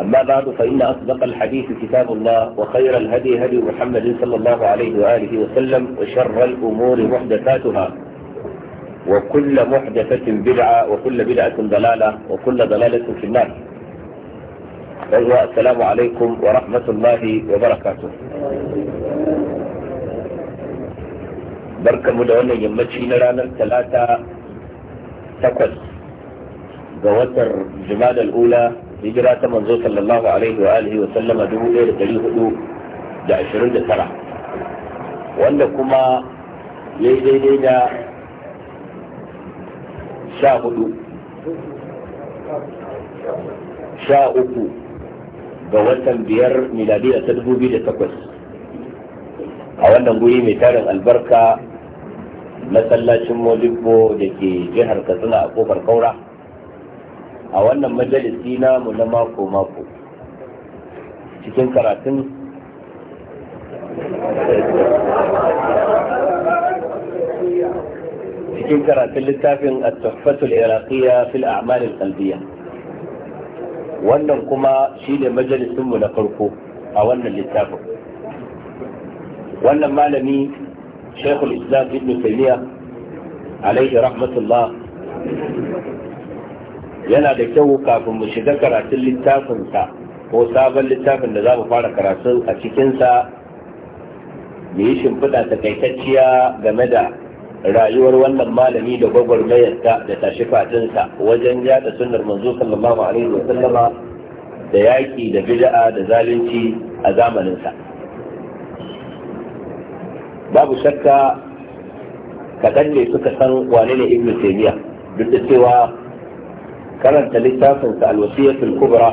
أما بعد فإن أصدق الحديث كتاب الله وخير الهدي هدي محمد صلى الله عليه وآله وسلم وشر الأمور محدثاتها وكل محدثة بدعة وكل بدعة ضلالة وكل ضلالة في النار أيوة السلام عليكم ورحمة الله وبركاته بركة مدونة يمتشي رانا ثلاثة تقل جوتر جمال الأولى hijira ta manzo sallallahu alaihi wa alihi wa sallama 1429 wanda kuma yayi daidai da 14 13 ga watan biyar miladiya ta 2008 a wannan guri mai tarin albarka masallacin modibbo da ke jihar katsina a ƙofar kaura a wannan majalisi namu na mako-mako cikin karatun cikin karatun littafin at-tuhfatul iraqiyya fil a'mal al wannan kuma shine majalisin mu na farko a wannan littafin wannan malami Sheikhul Islam Ibn Taymiyyah alaihi rahmatullah yana da kyau kafin mu shiga karatun littafinsa ko sabon littafin da za mu fara karatu a cikinsa da yi shimfiɗa takaitacciya game da rayuwar wannan malami da gwagwarmayarsa da tashi fatinsa wajen da sunnar manzo sallallahu alaihi wa sallama da yaƙi da bid'a da zalunci a zamaninsa babu shakka kaɗan ne suka san wane ne ibn taymiya duk da cewa karanta littafinsa alwasiyatul kubra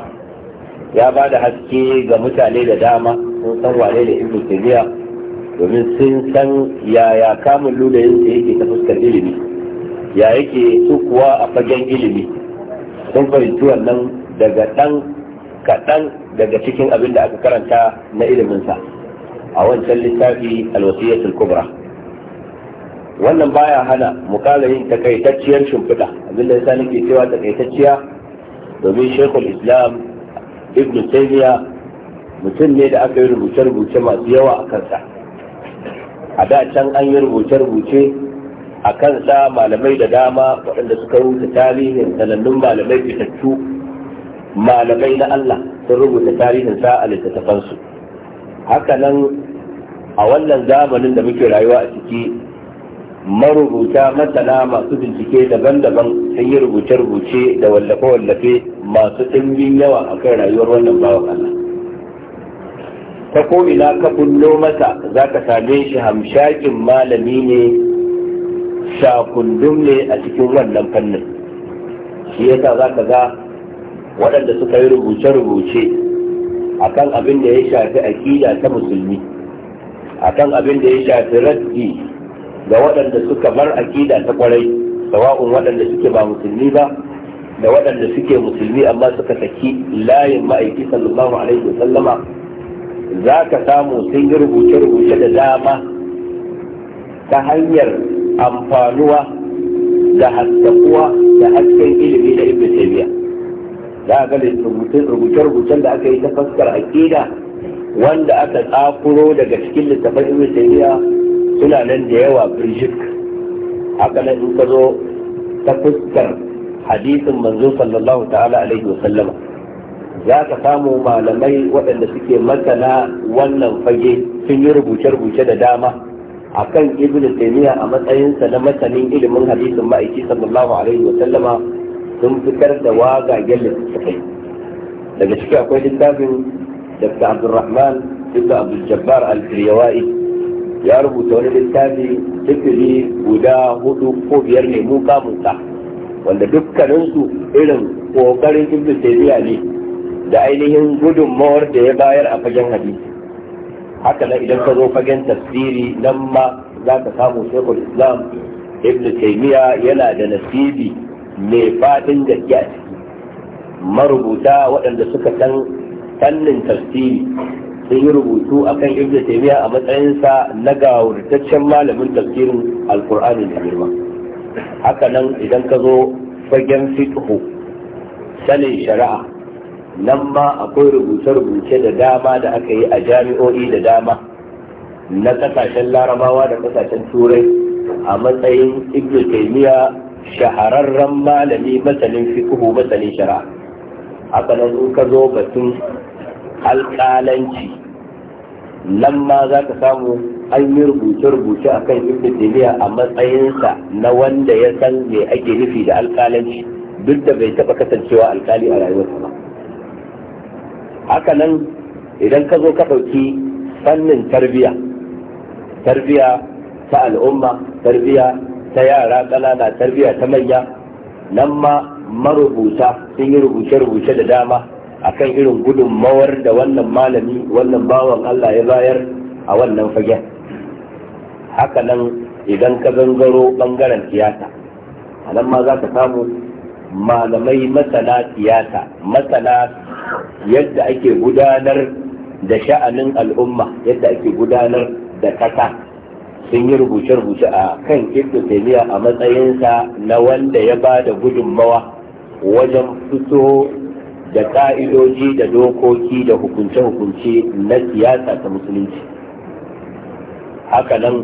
ya ba da haske ga mutane da dama sun san wane da ibnu domin sun san yaya kamun lulayensa yake ta fuskar ilimi ya yake su kuwa a fagen ilimi sun fahimci wannan daga ɗan kaɗan daga cikin abin da aka karanta na iliminsa a wancan littafi alwasiyatul kubra wannan baya hana mu kala yin takaitacciyar shimfiɗa abinda sa nake cewa takaitacciya domin shekul islam ibn taymiya mutum ne da aka yi rubuce-rubuce masu yawa a kansa a da can an yi rubuce-rubuce a kansa malamai da dama waɗanda suka rubuta tarihin sanannun malamai fitattu malamai na Allah sun rubuta tarihin sa a littattafansu haka nan a wannan zamanin da muke rayuwa a ciki marubuta masana masu bincike daban-daban sun yi rubuce-rubuce da wallafe-wallafe masu ɗimbin yawa a kan rayuwar wannan bawa kana Ta ko'ina ka kullo masa za ka same shi hamshakin malami ne shakundum ne a cikin wannan fannin. Shi yasa za ka ga waɗanda suka yi rubuce-rubuce a kan abin da ya shafi aƙida ta musulmi, a kan abin da ya shafi raddi ga waɗanda suka bar aƙida ta kwarai sawa'un waɗanda suke ba musulmi ba da waɗanda suke musulmi amma suka saki layin ma'aiki sallallahu alaihi wa sallama za ka samu sun yi rubuce-rubuce da dama ta hanyar amfanuwa da haskakuwa da hasken ilimi da ibn taymiya za ga rubuce-rubucen da aka yi ta fuskar aƙida wanda aka tsakuro daga cikin littafin ibn taymiya suna nan da yawa birjik haka nan in ka zo ta fuskar hadisin manzo sallallahu ta'ala alaihi wa sallama za ka samu malamai waɗanda suke masana wannan fage sun yi rubuce-rubuce da dama akan ibn taymiya a matsayinsa na masanin ilimin hadisin ma'aiki sallallahu alaihi wa sallama sun fitar da wagagen littattafai daga ciki akwai littafin dr abdulrahman ibn abdul jabbar al-kiryawai ya rubuta wani littafi sifili guda hudu ko biyar ne mu kamunsa wanda dukkaninsu irin kokarin ibn taymiya ne da ainihin gudunmawar da ya bayar a fagen hadisi haka na idan ka zo fagen tafsiri nan ma za ka samu shekul islam ibn taymiya yana da nasibi mai fadin gaske a ciki marubuta waɗanda suka san fannin tafsiri sun yi rubutu a kan ibn taimiyya a matsayinsa na gawurtaccen malamin tafsirin alkur'ani da girma haka nan idan ka zo fagen fituhu sanin shari'a nan ma akwai rubuce-rubuce da dama da aka yi a jami'o'i da dama na kasashen larabawa da kasashen turai a matsayin ibn taimiyya shahararren malami masanin fiqhu masanin shari'a haka nan ka zo batun alƙalanci nan ma za ka samu an yi rubuce-rubuce a kan ibn taymiya a matsayinsa na wanda ya san me ake nufi da alƙalanci duk da bai taɓa kasancewa alkali a rayuwarsa ba haka nan idan ka zo ka ɗauki fannin tarbiyya tarbiyya ta al'umma tarbiyya ta yara ƙanana tarbiyya ta manya nan ma marubuta sun yi rubuce-rubuce da dama akan irin mawar da wannan malami wannan bawan Allah ya bayar a wannan fagen haka nan idan ka zangaro bangaren tiyata a nan ma za ka samu malamai masana siyasa masana yadda ake gudanar da sha'anin al'umma yadda ake gudanar da kasa sun yi rubuce-rubuce a kan ibnu taymiya a matsayinsa na wanda ya ba da gudunmawa wajen fito da ka'idoji da dokoki da hukunce-hukunce na siyasa ta musulunci hakanan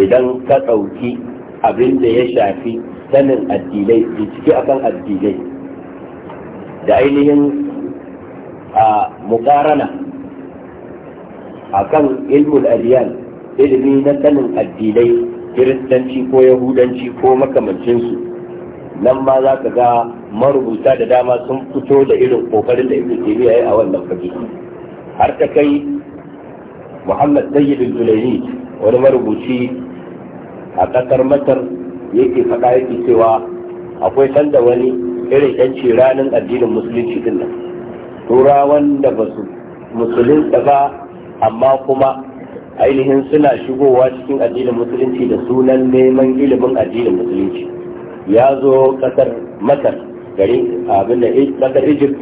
idan ka ɗauki abin da ya shafi sanin addinai bincike akan addinai da ainihin a mukarana akan ilmul adiyan ilimi na sanin addinai kiristanci ko yahudanci ko makamancinsu nan ma za ka ga marubuta da dama sun fito da irin kokarin da ibn taymiya yayi a wannan fage har ta kai muhammad sayyid al julayni wani marubuci a kasar masar yake faɗa yake cewa akwai sanda wani irin yanci ranar addinin musulunci din nan turawan da ba su musulunta ba amma kuma ainihin suna shigowa cikin addinin musulunci da sunan neman ilimin addinin musulunci ya zo kasar masar garin abin da ƙasar egypt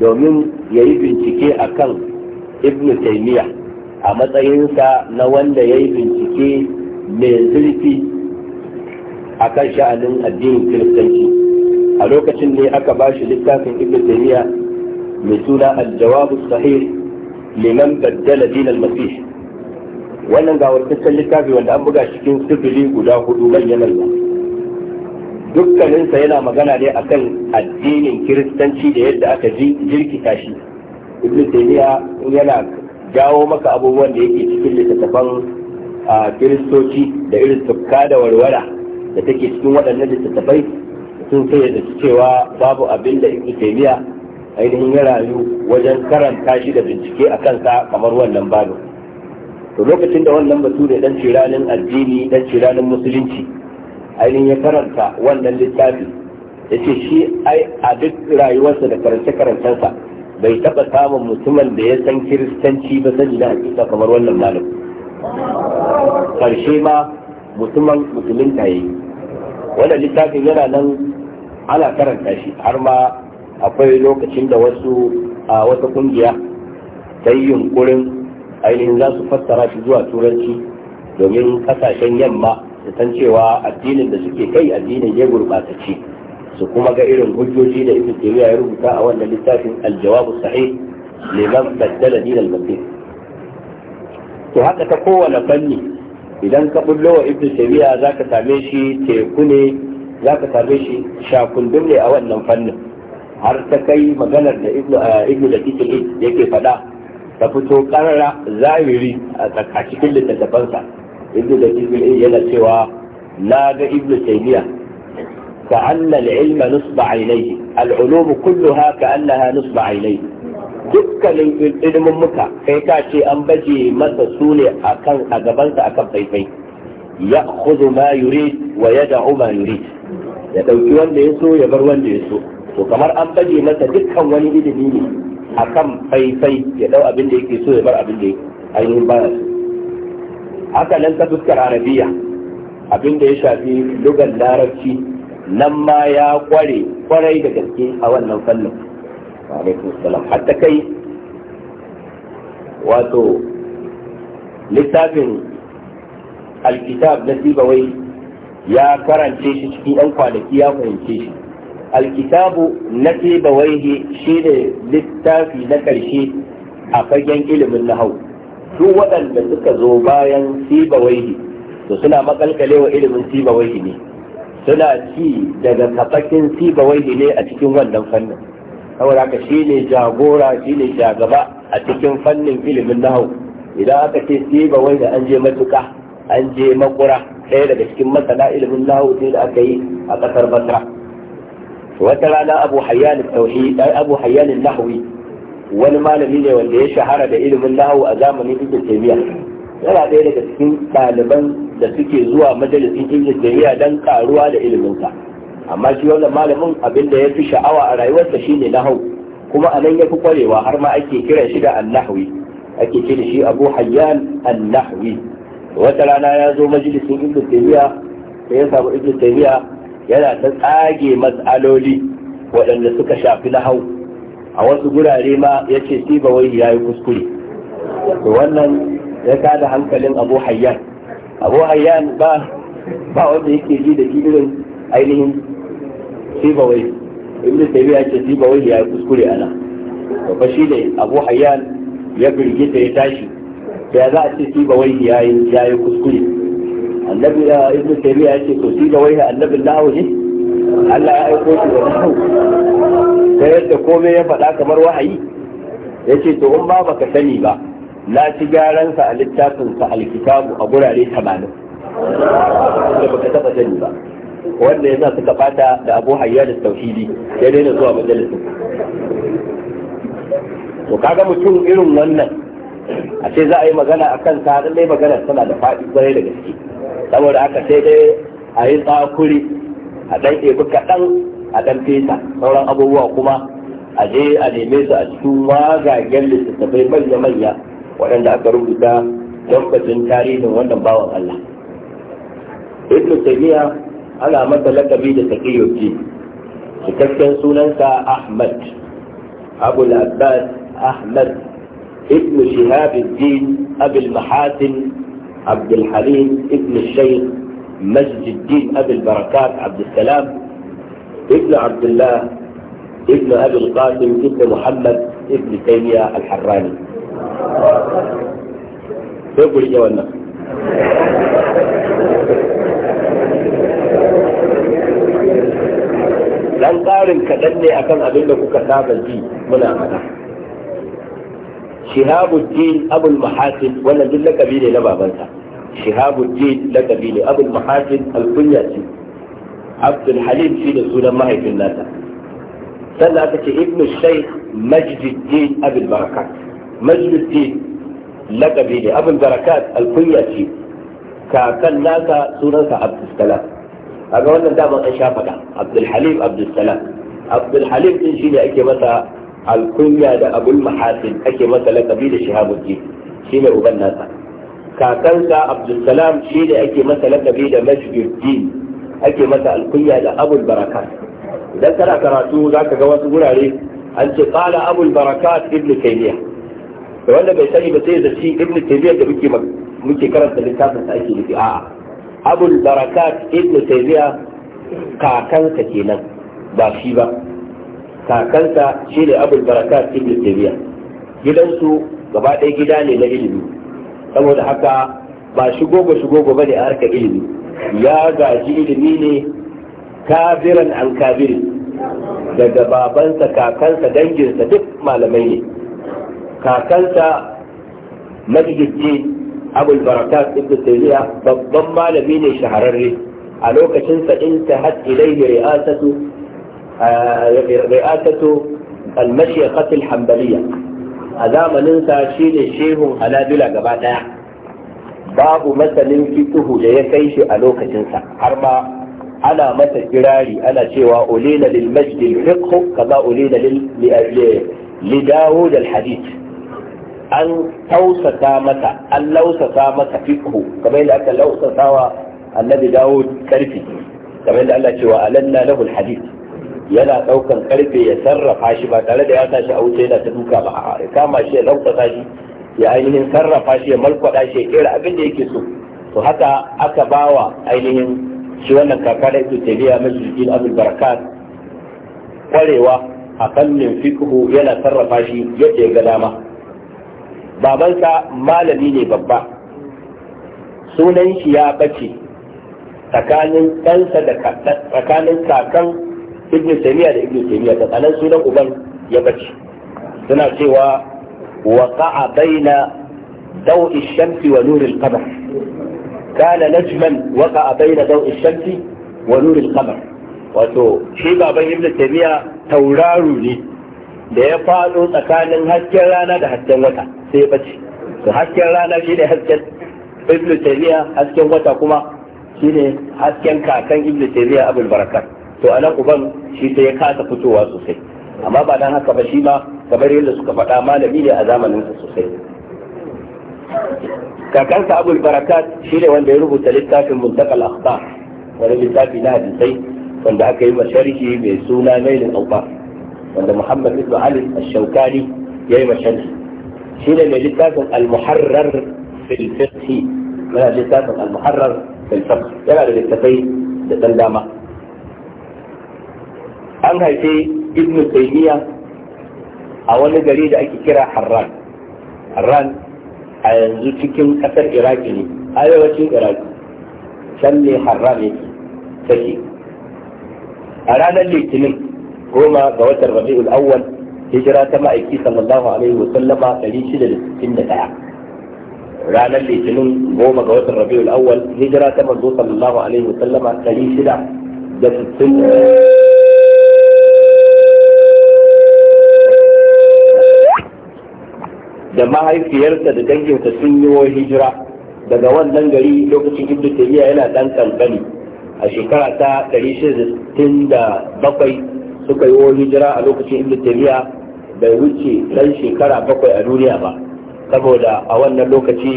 domin ya yi bincike a kan ibn taimiyya a matsayinsa na wanda ya yi bincike mai zurfi a kan sha'anin addinin kiristanci a lokacin ne aka ba shi littafin ibn taimiyya mai suna aljawabu sahih liman baddala dinar masih wannan ga littafi wanda an buga cikin sifili guda hudu manyan Allah dukkaninsa yana magana ne akan addinin kiristanci da yadda aka ji jirkita shi ibn taymiya yana jawo maka abubuwan da yake cikin littattafan kiristoci da irin tukka da warwara da take cikin waɗannan littattafai sun sai da cewa babu abin da ibn taymiya ainihin ya rayu wajen karanta shi da bincike a kansa kamar wannan babu to lokacin da wannan batu da dan ciranin addini dan ciranin musulunci ainihin ya karanta wannan littafi ya ce shi ai a duk rayuwarsa da karance-karancensa bai taɓa samun mutumin da ya san kiristanci ba sani na hakika kamar wannan malam karshe ma mutumin mutumin ta yi wannan littafin yana nan ana karanta shi har ma akwai lokacin da wasu a wata kungiya ta yi yunkurin ainihin za su fassara shi zuwa turanci domin kasashen yamma su san cewa addinin da suke kai addinin ya gurɓatace su kuma ga irin hujjoji da ibn taymiya ya rubuta a wannan littafin al-jawab sahih liman baddala din al to haka ta kowane fanni idan ka bullo wa ibn taymiya zaka same shi teku ne zaka same shi shakundum ne a wannan fannin har ta kai maganar da ibn da yake faɗa ta fito karara zahiri a cikin littattafansa ibn da cikin yana cewa na ga ibn taymiya ka anna al-ilma nusba ainihi al-ulum kulluha ka annaha nusba ainihi dukkanin ilimin muka kai ka ce an baje masa su ne akan a gabansa akan faifai ya khudu ma yurid wa yad'u ma yurid ya dauki wanda ya so ya bar wanda ya so to kamar an baje masa dukkan wani ilimi ne akan faifai ya dau abin da yake so ya bar abin da ainihin baya so haka nan ta fuskar arabiya abin da ya shafi lugar larabci nan ma ya kware kwarai da gaske a wannan fannin hatta kai wato littafin alkitab na sibawai ya karance shi cikin yan kwanaki ya fahimce shi alkitabu na sibawai shi ne littafi na ƙarshe a fagen ilimin nahau su waɗanda suka zo bayan sibawaihi to suna makalkale wa ilimin sibawaihi ne suna ci daga kafakin sibawaihi ne a cikin wannan fannin saboda haka ne jagora shi ne shagaba a cikin fannin ilimin nahau idan aka ce sibawaihi an je matuka an je makura ɗaya daga cikin masana ilimin nahau sai da aka yi a ƙasar basra wata rana abu hayyan tauhid abu hayyan nahwi wani malami ne wanda ya shahara da ilimin nahawu a zamanin ibn taymiya yana ɗaya daga cikin ɗaliban da suke zuwa majalisin ibn taymiya dan karuwa da ilimin sa amma shi wannan malamin abin da ya fi sha'awa a rayuwarsa shine nahawu kuma anan ya fi kwarewa har ma ake kira shi da annahwi ake ce shi abu hayyan annahwi wata rana ya zo majalisin ibn taymiya sai ya samu ibn taymiya yana ta tsage mas'aloli waɗanda suka shafi nahawu a wasu gurare ma ya ce siba wai ya yi kuskure to wannan ya kada hankalin abu hayyan abu hayyan ba ba wanda yake ji da irin ainihin siba wai ibn ya ce siba wai ya yi kuskure ana to fa shi ne abu hayyan ya birgita ya tashi sai za a ce siba wai ya yi ya yi kuskure annabi eh, ibn taymiya ya ce to siba wai annabin lahu ne Allah ya aiko shi da lahu ta yadda komai ya faɗa kamar wahayi ya ce to in ba baka sani ba na ci garansa a littafinsa alkitabu a gurare tamanin da baka taɓa sani ba wanda yana suka fata da abu hayya da tauhidi ya daina zuwa majalisin to kaga mutum irin wannan a ce za a yi magana a sa, har dai magana tana da faɗi kwarai da gaske saboda haka sai dai a yi tsakuri a ɗan ɗebi kaɗan a ɗan fesa sauran abubuwa kuma a je a neme su a cikin wagagen littattafai manya-manya waɗanda aka rubuta lokacin tarihin wannan bawan Allah. Ibn Taymiyyah ana masa lakabi da taqiyyuddin cikakken sunansa Ahmad Abu al-Abbas Ahmad ibn Shihab al-Din Abu al-Mahatin Abdul halim ibn Shaykh Majd al-Din Abu al-Barakat Abdul salam ابن عبد الله ابن ابي القاسم ابن محمد ابن تيميه الحراني يقول يا لن قارن كدني اكن ابي لك كتاب الدين من أمنا. شهاب الدين ابو المحاسن ولا دلك بيني لبابا شهاب الدين لك بيني ابو المحاسن الكنيسي abdul halim shi da sunan mahaifin nata sannan aka ce ibnu shaykh majduddin abul barakat majduddin laqabi ne abul barakat alkunya ce kakan naka sunansa abdul salam a ga wannan daman an sha faɗa abdul halim abdul salam abdul halim din shi ne ake masa alkunya da abul mahasin ake masa laqabi da shahabuddin shi ne uban nasa kakansa abdul salam shi ne ake masa laqabi da majduddin ake masa alkunya da abul barakat idan kana karatu za ka ga wasu gurare an ce kala abul barakat ibn taymiya da wanda bai sani ba sai da shi ibn taymiya da muke muke karanta littafin sa ake nufi a'a abul barakat ibn taymiya kakansa kenan ba shi ba kakansa shi ne abul barakat ibn taymiya gidansu gaba ɗaya gida ne na ilimi saboda haka ba shigo ba shigo ba ne a harkar ilimi ya gaji ilimi ne kabiran an kabiri daga babansa kakansa danginsa duk malamai ne kakansa majigirci abulbarakat barakat ibn taymiya babban malami ne shahararre a lokacinsa sa in ta had ilayhi ri'asatu ri'asatu al a zamaninsa shi shine shehun halabila gaba daya babu masanin fiqhu da ya kai shi a lokacinsa har ma ana masa kirari ana cewa ulila lil majd al fiqh kaza ulila lil li dawud al hadith an tausata mata an lausata mata fiqhu kamar yadda aka lausatawa annabi dawud karfi kamar yadda Allah cewa alanna lahu al hadith yana daukan karfe ya sarrafa shi ba tare da ya tashi a wuce yana ta duka ba a kama shi ya lausata shi ya ainihin sarrafa shi ya malkwada shi ya kera abin da yake so to haka aka bawa ainihin shi wannan kaka da ibnu taymiya majlisin abin barakat kwarewa a fannin fiqhu yana sarrafa shi yadda ya ga dama babansa malami ne babba sunan shi ya bace tsakanin ɗansa da tsakanin kakan ibn taymiya da ibn taymiya tsakanin sunan uban ya bace suna cewa وقع بين ضوء الشمس ونور القمر كان نجما وقع بين ضوء الشمس ونور القمر wato shi baban Ibn taymiya tauraro ne da ya faɗo tsakanin hasken rana da hasken wata sai ya bace to hasken rana shine hasken Ibn taymiya hasken wata kuma shine hasken kakan Ibn taymiya abul barakat to anan uban shi sai ya kasa fitowa sosai amma ba dan haka ba shi ma kamar yadda suka faɗa malami ne a zamanin sa sosai kakansa abul barakat shi ne wanda ya rubuta littafin muntakal akhbar wani littafi na hadisai wanda aka yi masharhi mai suna nailin auba wanda muhammad ibn ali ash-shawkani yayi yi masharhi shi ne mai littafin al-muharrar fil fiqh yana littafin al-muharrar fil fiqh yana da littafai da dan dama an haife ibnu taymiya a wani gari da ake kira harran harran a yanzu cikin kasar iraki ne arewacin iraki can ne harran yake take a ranar litinin goma ga watan rabi'ul awwal hijira ta ma'aiki sallallahu alaihi wa sallama 661 ranar litinin goma ga watan rabiul awwal hijira ta manzo sallallahu alaihi wasallama ɗari shida da sittin da mahaifiyarsa da danginsa sun yi wa hijira daga wannan gari lokacin ibnu taymiya yana dan kankani a shekara ta 167 suka yi wa hijira a lokacin ibnu taymiya bai wuce dan shekara bakwai a duniya ba saboda a wannan lokaci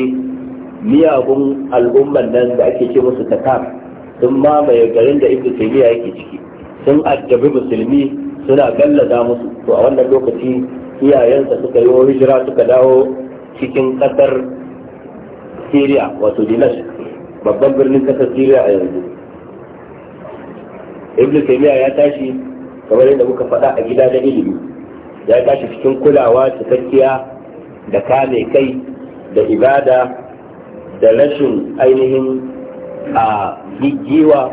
miyagun al'umman nan da ake ce musu takar sun mamaye garin da ibnu taymiya yake ciki sun addabi musulmi suna gallaza musu to a wannan lokaci iyayensa suka yi hijira suka dawo cikin kasar syria wato dinash babban birnin kasar syria a yanzu ibn taymiya ya tashi kamar yadda muka faɗa a gida da ilimi ya tashi cikin kulawa cikakkiya da kame kai da ibada da rashin ainihin a giggiwa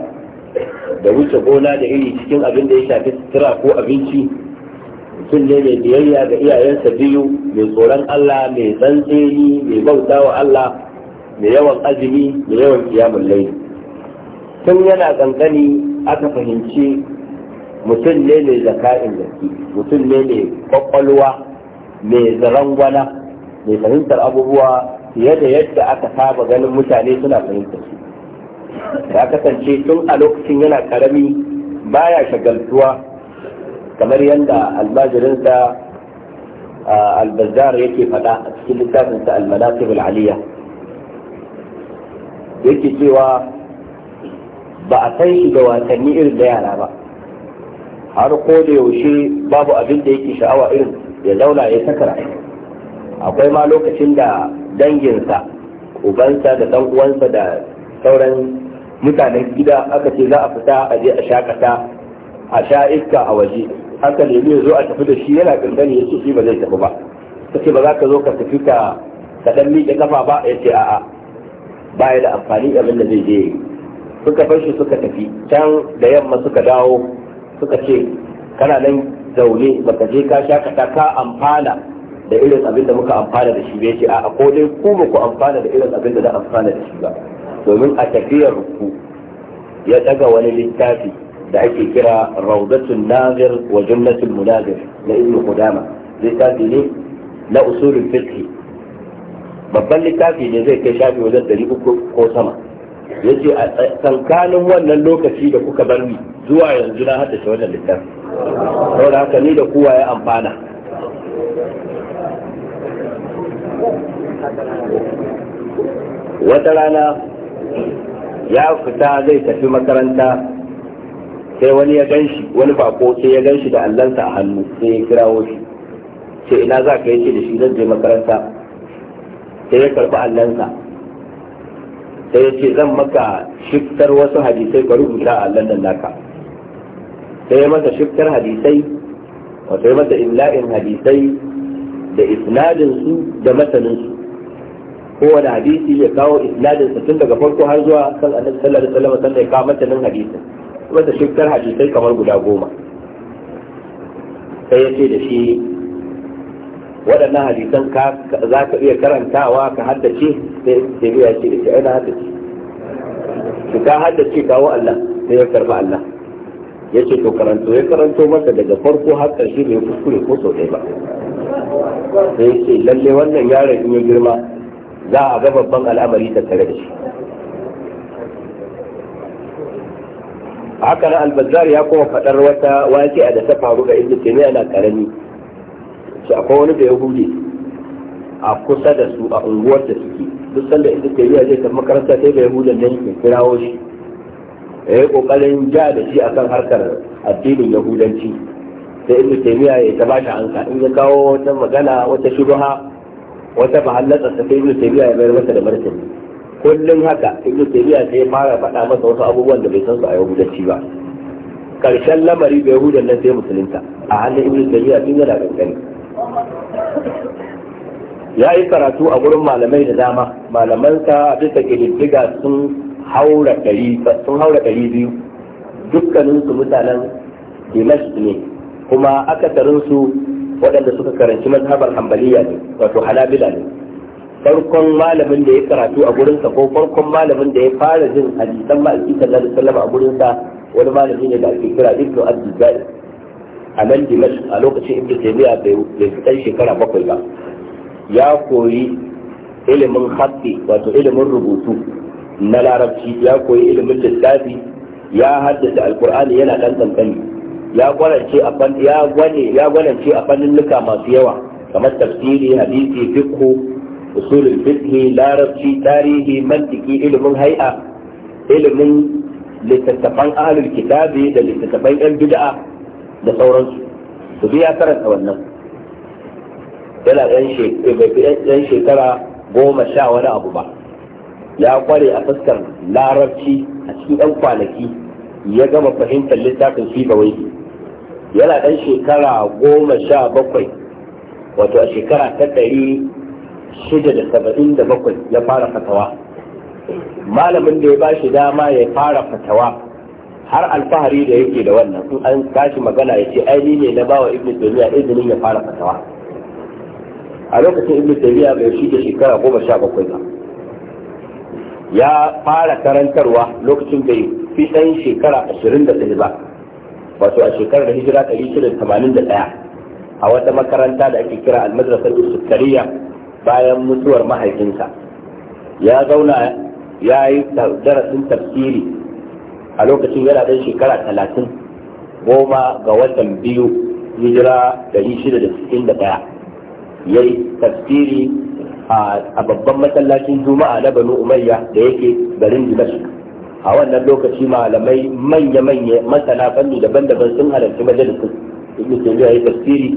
da wuce gona da iri cikin abin da ya shafi sutura ko abinci mutum ne mai biyayya ga iyayensa biyu mai tsoron Allah mai tsantseni mai bauta wa Allah mai yawan azumi mai yawan kiyamun laili tun yana kankani aka fahimci mutum ne mai zaka'in gaske mutum ne mai kwakwalwa mai zarangwana mai fahimtar abubuwa fiye da yadda aka saba ganin mutane suna fahimtar su ya kasance tun a lokacin yana karami baya shagaltuwa kamar yadda almajirinsa albazar yake faɗa a cikin littafinsa almanasib al'aliya yake cewa ba a san shi da wasanni irin da yara ba har ko da yaushe babu abin da yake sha'awa irin ya zauna ya sakara akwai ma lokacin da danginsa ubansa da dan uwansa da sauran mutanen gida aka ce za a fita a je a shakata a sha iska a waje haka lemu ya zo a tafi da shi yana kankan ya ce ba zai tafi ba ta ce ba za ka zo ka tafi ka kaɗan miƙe kafa ba ya ce a'a ba ya da amfani abin da zai je suka bar shi suka tafi can da yamma suka dawo suka ce kana nan zaune baka je ka shakata ka amfana da irin abin da muka amfana da shi ya ce a'a ko dai ku ba ku amfana da irin abin da za amfana da shi ba domin a tafiyar ku ya daga wani littafi da ake kira raudatun nazir wa jannatul munazir na ibn qudama tafi ne na usulul fiqh babban littafi ne zai kai shafi wajen ɗari uku ko sama yace a tsankanin wannan lokaci da kuka bar ni zuwa yanzu na haddace wannan littafi saboda haka ni da kowa ya amfana wata rana ya fita zai tafi makaranta sai wani ya ganshi wani bako sai ya ganshi da allansa a hannu sai ya kirawo shi sai ina za ka yace da shi zan je makaranta sai ya karɓi allansa sai ya ce zan maka shiftar wasu hadisai ka rubuta a allan nan naka sai ya masa shiftar hadisai wato ya masa imla'in hadisai da isnadin su da matanin su kowane hadisi ya kawo isnadin sa tun daga farko har zuwa kan annabi sallallahu alaihi wasallam sannan ya kawo matanin hadisin wata shekar hadisai kamar guda goma sai ya ce da shi waɗannan hadisan za ka iya karantawa ka haddace sai biya ce da shi aina haddace shi ka haddace kawo Allah sai ya karba Allah ya ce to karanto ya karanto masa daga farko har ƙarshe bai kuskure ko sau ɗaya ba sai ya ce lalle wannan yaron in ya girma za a ga babban al'amari tattare da shi haka na albazar ya kuma fadar wata a da ta faru ga ce ne ana karami shi akwai wani da ya hude a kusa da su a unguwar da suke duk sanda ibnu taymiya zai tafi makaranta sai da yahudan nan ke kirawo shi ya yi kokarin ja da shi akan harkar addinin yahudanci sai inda taymiya ya ta shi an in ya kawo wata magana wata shuruha wata mahallatsa sai inda taymiya ya bayar wata da martani kullum haka ibn taymiya sai fara faɗa masa wasu abubuwan da bai san su a gudanci ba karshen lamari bai yahudan nan sai musulunta a hannun ibn taymiya tun yana kankani ya yi karatu a gurin malamai da dama malamansa bisa kididdiga sun haura ɗari sun haura ɗari biyu dukkaninsu mutanen dimash ne kuma akasarinsu waɗanda suka karanci mazhabar hambaliya ne wato halabila ne farkon malamin da ya karatu a gurinsa ko farkon malamin da ya fara jin hadisan ma'aiki sallallahu alaihi wasallam a gurinsa wani malami ne da ake kira ibnu abdul a nan dimash a lokacin ibnu taymiya bai fitan shekara bakwai ba ya koyi ilimin hatti wato ilimin rubutu na larabci ya koyi ilimin lissafi ya haddasa alkur'ani yana dan tantani ya gwanance a fannin ya gwane ya gwanance a fannin nuka masu yawa kamar tafsiri hadisi fiqh usulul fiqh larabci tarihi mantiki ilimin hay'a ilimin littattafan ahlul kitabi da littattafan yan bid'a da sauransu su biya karanta wannan yana eh, ɗan shekara goma sha wani abu ba ya kware a fuskar larabci a cikin ɗan kwanaki ya gama fahimtar littafin fi wai yana ɗan shekara goma sha bakwai wato a shekara ta ɗari shida da saba'in da bakwai ya fara fatawa malamin da ya ba shi dama ya fara fatawa har alfahari da yake da wannan in an tashi magana ya ce aini ne na bawa ibn taymiya izinin ya fara fatawa a lokacin ibn taymiya bai shige shekara goma sha bakwai ba ya fara karantarwa lokacin bai fi ɗan shekara ashirin da ɗaya ba wato a shekarar hijira ɗari shida tamanin da ɗaya a wata makaranta da ake kira al-madrasatul sukkariya bayan mutuwar mahaifinsa ya zauna ya yi darasin tafsiri a lokacin yana ɗan shekara talatin goma ga watan biyu hijira dari shida da sittin da ɗaya ya yi tafsiri a babban masallacin juma'a na banu umayya da yake garin dimashq a wannan lokaci malamai manya-manya masana fanni daban-daban sun halarci majalisun ibn taymiya ya tafsiri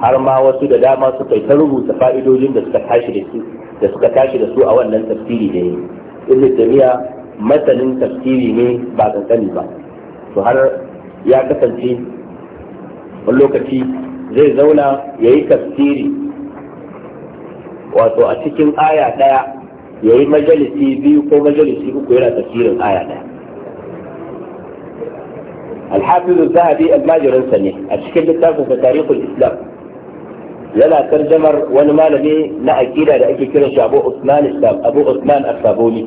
har ma wasu da dama suka ta rubuta fa'idojin da suka tashi da su da suka tashi da su a wannan tafsiri da yayi ibn taymiya masanin tafsiri ne ba kankani ba to har ya kasance wani lokaci zai zauna ya yi tafsiri wato a cikin aya ɗaya ya yi majalisi biyu ko majalisi uku yana tafsirin aya ɗaya الحافظ الذهبي الماجر سني أشكل لتاكو في تاريخ الإسلام لنا ترجمر ونما لدي لا أكيد على أكي كرش أبو عثمان السلام أبو عثمان الصابوني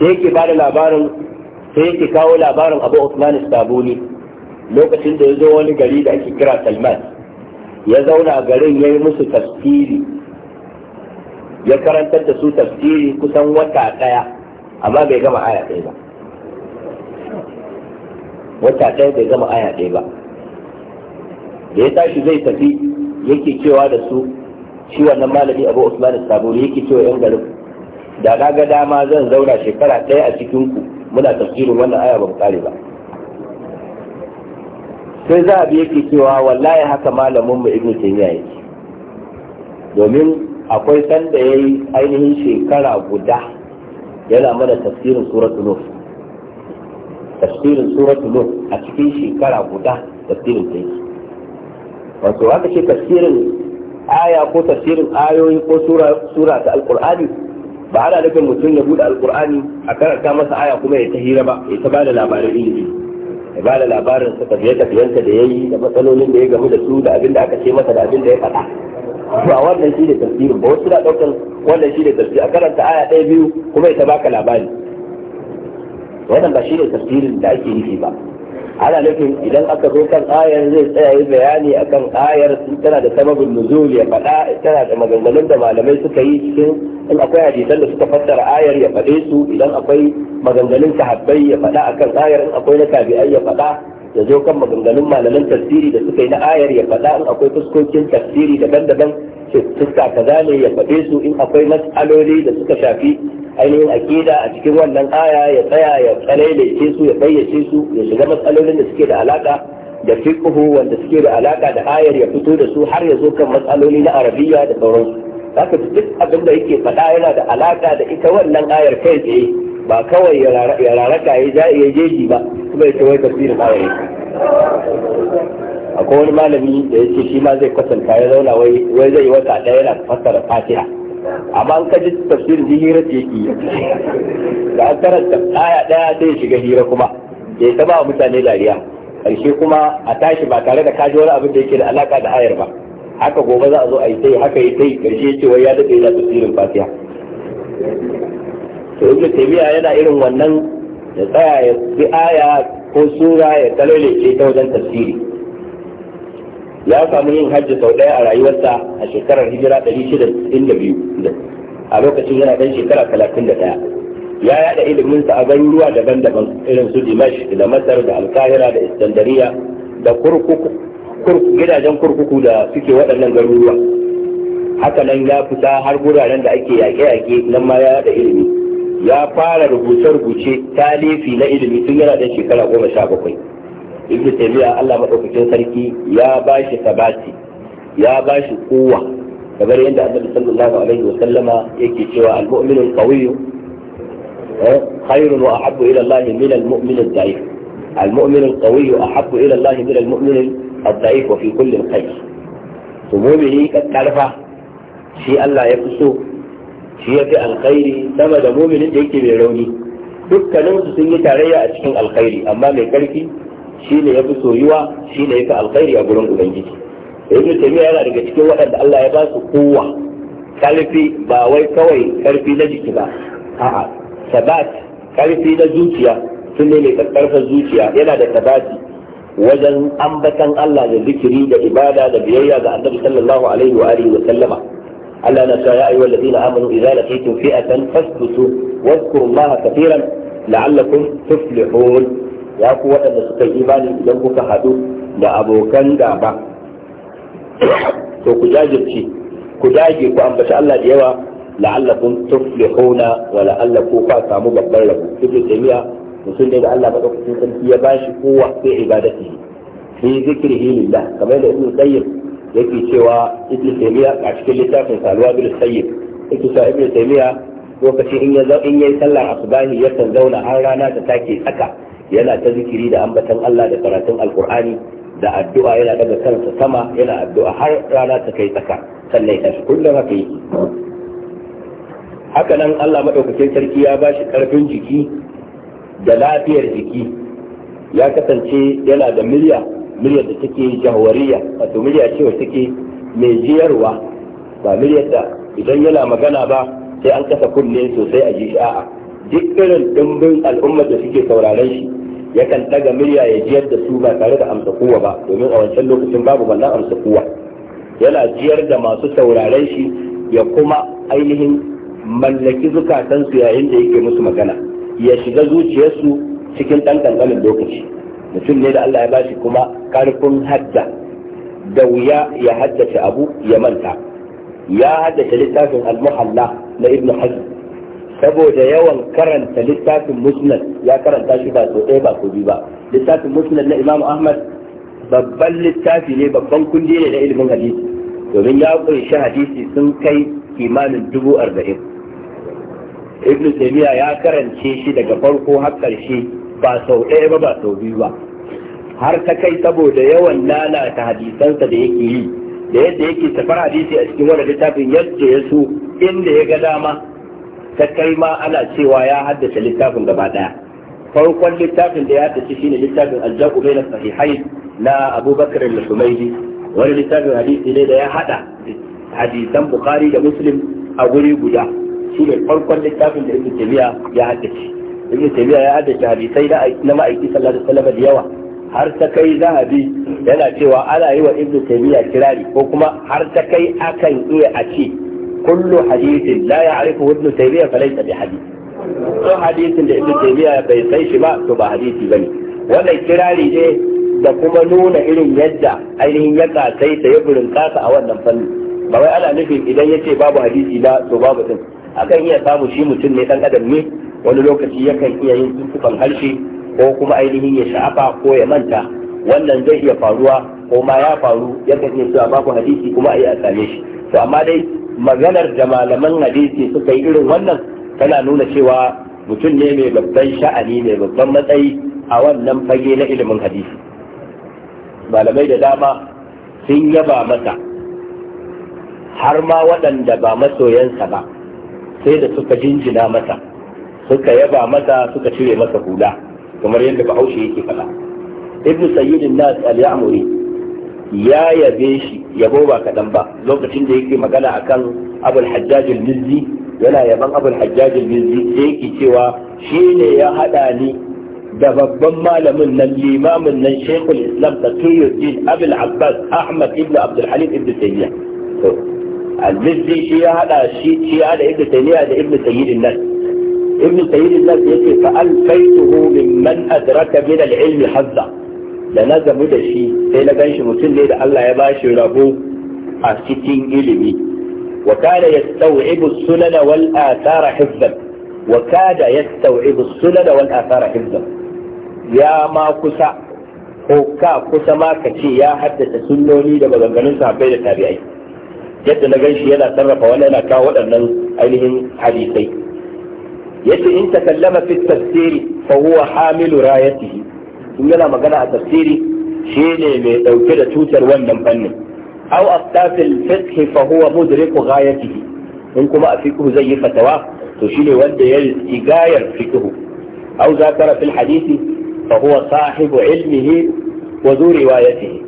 سيكي بعد العبارة سيكي كاو العبارة أبو عثمان الصابوني لو كتن ديزو وني قليل أكي كرا سلمان يزون أقرين يمسو تفسيري يكرن تتسو تفسيري كسن وتا أما بيقام آية إيه wata ɗaya bai zama aya ɗaya ba da ya tashi zai tafi yake cewa da su shi wannan malami abu usman saburi yake cewa yan garin da na ga dama zan zauna shekara ɗaya a cikin ku muna tafsirin wannan aya ba mu kare ba sai za a bi yake cewa wallahi haka malamin mu ibnu taymiya yake domin akwai sanda yayi ainihin shekara guda yana mana tafsirin suratul nur tafsirin suratul lut a cikin shekara guda tasirin ta yi wato haka ce tafsirin aya ko tafsirin ayoyi ko sura ta alqur'ani ba ana nufin mutum ya bude alqur'ani a karanta masa aya kuma ya ta hira ba ya ta bada labarin ilimi ya bada labarin sa tafiye tafiyenta da yayi da matsalolin da ya gamu da su da abin da aka ce masa da abin da ya faɗa ba wannan shi da tafsirin ba wasu na ɗaukar wannan shi da tafsir a karanta aya ɗaya biyu kuma ya ta baka labari wannan ba shi shine tafsirin da ake nufi ba ana nufin idan aka zo kan ayar zai tsaya yi bayani akan ayar tana da sababin nuzul ya faɗa tana da maganganun da malamai suka yi cikin in akwai hadisan da suka fassara ayar ya faɗe su idan akwai maganganun sahabbai ya faɗa akan ayar in akwai na tabi'ai ya faɗa ya zo kan maganganun malaman tafsiri da suka yi na ayar ya faɗa in akwai fuskokin tafsiri daban-daban fuska kaza ne ya faɗe su in akwai mas'aloli da suka shafi ainihin akida a cikin wannan aya ya tsaya ya tsalaidaice su ya bayyace su ya shiga matsalolin da suke da alaka da fiqhu wanda suke da alaka da ayar ya fito da su har ya zo kan matsaloli na arabiya da sauransu haka duk abin da yake faɗa yana da alaka da ita wannan ayar kai tsaye ba kawai ya raraka ya jeji ba kuma ya ce wai tafsirin ayar akwai wani malami da yake shi ma zai kwatanta ya zauna wai zai yi wata ɗaya yana fassara fatiha amma an kaji tafsirin ji hira ce yake da an karanta aya daya sai shiga hira kuma ya ta ba mutane dariya karshe kuma a tashi ba tare da kaji wani abin da yake da alaka da ayar ba haka gobe za a zo a yi tai haka yi tai karshe ce wai ya dade yana tafsirin fatiha to ibnu taymiya yana irin wannan ya tsaya ya bi aya ko sura ya ce ta wajen tafsiri ya samu yin hajji sau ɗaya a rayuwarsa a shekarar hijira 662 a lokacin yana ɗan shekara 31 ya yada iliminsa a garuruwa daban-daban irin su dimash da masar da alkahira da iskandariya da gidajen kurkuku da suke waɗannan garuruwa haka nan ya fita har guraren da ake yaƙe-yaƙe nan ma ya yaɗa ilimi ya fara rubuce-rubuce talifi na ilimi tun yana ɗan shekara goma sha bakwai ibnu taymiya Allah madaukakin sarki ya bashi sabati ya bashi kuwa kamar yadda annabi sallallahu alaihi wa sallama yake cewa al-mu'minu al-qawiyyu eh, khairun wa ahabbu ila Allah min al-mu'min al-da'if al-mu'min al-qawiyyu ahabbu ila Allah min al-mu'min al-da'if wa fi kulli khair to mu'mini karfa shi Allah ya fi so shi ya fi alkhairi sama da mu'minin da yake mai rauni dukkaninsu sun yi tarayya a cikin alkhairi amma mai karfi shine yafi soyuwa shine yafi alkhairi a gurin ubangiji ibnu taymiya yana daga cikin waɗanda Allah ya ba su kowa ƙarfi ba wai kawai ƙarfi na jiki ba a'a sabat karfi na zuciya sun ne mai karfin zuciya yana da sabati wajen ambatan Allah da zikiri da ibada da biyayya ga annabi sallallahu alaihi wa alihi wa sallama Allah na sa ya ayyuhal ladina amanu idza laqitum fi'atan fasbutu wadhkuru Allah kathiran la'allakum tuflihun ya ku waɗanda suka yi imani idan kuka haɗu da abokan gaba to ku jajirce ku dage ku ambaci Allah da yawa la'allakum tuflihuna wa la'allakum fa samu babban rabu ibnu taymiya mutum da Allah madaukakin sarki ya bashi kowa sai ibadati fi zikrihi lillah kamar da ibnu qayyim yake cewa ibnu taymiya a cikin littafin salwa bil sayyid yake cewa ibnu taymiya lokacin in ya in yayi sallar asubahi yakan zauna har rana ta take tsaka yana ta zikiri da ambatan Allah da karatun alkur'ani da addu'a yana daga kansa sama yana addu'a har rana ta kai tsaka sannan ta kullum haka yi. haka nan Allah maɗaukakin sarki ya bashi karfin jiki da lafiyar jiki ya kasance yana da miliya miliya da take jahwariya wato miliya ce wacce take mai jiyarwa ba miliyar da idan yana magana ba sai an kasa kunne sosai a ji a'a duk irin dimbin al'ummar da suke sauraron shi yakan daga murya ya jiyar da su ba tare da amsa kuwa ba domin a wancan lokacin babu wannan amsa kuwa yana jiyar da masu sauraron shi ya kuma ainihin mallaki zukatansu yayin da yake musu magana ya shiga zuciyarsu cikin ɗan ƙanƙanin lokaci mutum ne da Allah ya bashi kuma ƙarfin hadda da wuya ya haddace abu ya manta ya haddace littafin al-muhalla na ibnu hazm saboda yawan karanta littafin musnad ya karanta shi ba so ɗaya ba ko biyu ba littafin musnad na imamu ahmad babban littafi ne babban kundi ne na ilimin hadisi domin ya ƙunshi hadisi sun kai kimanin dubu arba'in ibnu taymiya ya karance shi daga farko har ƙarshe ba sau ɗaya ba ba sau biyu ba har ta kai saboda yawan lalata hadisansa da yake yi da yadda yake safar hadisi a cikin wani littafin yadda ya so inda ya ga dama ta kai ma ana cewa ya haddace littafin gaba daya farkon littafin da ya haddace shine littafin aljabu bai sahihai na abubakar da sumaili wani littafin hadisi ne da ya hada hadisan bukhari da muslim a guri guda shine farkon littafin da ibnu taymiya ya haddace ibnu taymiya ya haddace hadisai na ma'aiki sallallahu alaihi wasallam da yawa har ta kai zahabi yana cewa ana yi wa ibnu taymiya kirari ko kuma har ta kai akan iya a ce kullu hadithin la ya'rifu ibn taymiya falaysa bi hadith to hadithin da ibn taymiya bai sai shi ba to ba hadisi kirari ne da kuma nuna irin yadda ainihin ya kasai ta ya burin a wannan fanni ba wai ana nufin idan yace babu hadisi ba to babu din akan iya samu shi mutum ne dan adam ne wani lokaci yakan iya yin tuntuban harshe ko kuma ainihin ya sha'afa ko ya manta wannan zai iya faruwa ko ma ya faru yakan iya cewa babu hadisi kuma a yi a same shi to amma dai maganar da malaman hadisi suka yi irin wannan tana nuna cewa mutum ne mai babban sha'ani mai babban matsayi a wannan fage na ilimin hadisi malamai da dama sun yaba masa har ma waɗanda ba masoyansa ba sai da suka jinjina masa suka yaba masa suka cire masa hula kamar yadda bahaushe yake faɗa ibnu sayyidin nas al-ya'muri ya yabe shi yabo ba kaɗan ba lokacin da yake magana akan abul hajjaj al-mizzi yana yaban abul hajjaj al-mizzi sai yake cewa shine ya hada ni da babban malamin nan limamin nan shaykhul islam da taqiyuddin abul abbas ahmad ibn abd al ibn tayyib to al-mizzi shi ya hada shi shi ya hada ibn tayyib da ibn sayyid an-nas ibn sayyid an-nas yake fa al-faituhu mimman adraka min al-ilm hazza da na gamu da shi sai na ganshi mutum ne da Allah ya bashi rabo a cikin ilimi wa kada yastawibu sunana wal athara wa kada wal ya ma kusa ko ka kusa ma ka ce ya haddace sunnoni da maganganun sahabbai da tabi'ai yadda na ganshi yana sarrafa wannan yana kawo waɗannan ainihin hadisai yace in takallama fi tafsiri fa huwa hamilu rayatihi in yana magana a tafsiri shine mai dauke da cutar wannan fannin aw aftafil fiqh fa huwa mudriku ghayatihi in kuma a fiqh zai yi fatawa to shine wanda ya yi gayar fiqh au zakara fil hadisi fa huwa sahibu ilmihi wa zu riwayatihi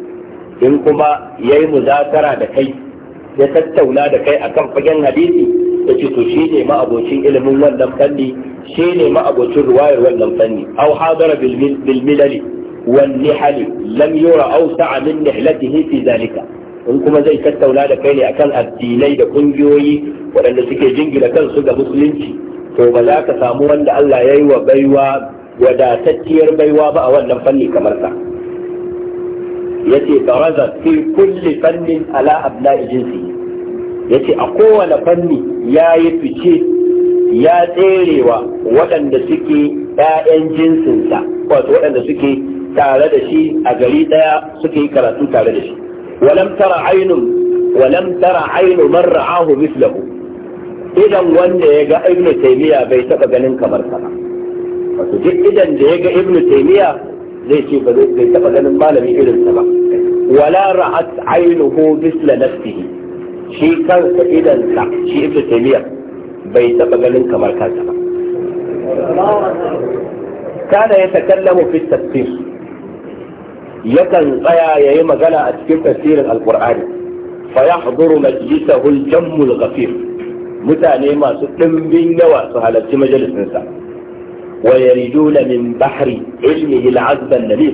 in kuma yayi muzakara da kai ya tattauna da kai akan fagen hadisi ya ce to shi ne ma'abocin ilimin wannan fanni shi ne ma'abocin ruwayar wannan fanni au hadara bil milali wan nihali lam yura au sa'a min nihlatihi fi zalika in kuma zai tattauna da kai ne akan addinai da kungiyoyi waɗanda suke jingina kansu ga musulunci to ba za ka samu wanda Allah ya yi wa baiwa wadatacciyar baiwa ba a wannan fanni kamar sa yace baraza fi kulli fannin ala abna'i jinsi ya ce a kowane fanni ya yi fice ya tserewa waɗanda suke ‘ya'yan jinsinsa wato waɗanda suke tare da shi a gari ɗaya suke yi karatu tare da shi walam tara ainun walam tara ainu man ra'ahu mislahu idan wanda ya ga ibnu taymiya bai taɓa ganin kamar sa ba wato duk idan da ya ga ibnu taymiya zai ce ba zai taba ganin malami irin sa ba wala ra'at ainuhu misla nafsihi shi kansa idansa shi ibnu taymiya bai taba ganin kamar kansa ba kana ya takallamu fi tafsir yakan tsaya yayi magana a cikin tafsirin alqur'ani fa yahduru majlisahu al-jammu al-ghafir mutane masu dimbin yawa su halarci majalisinsa wa yariduna min bahri ilmihi al-azba an-nabi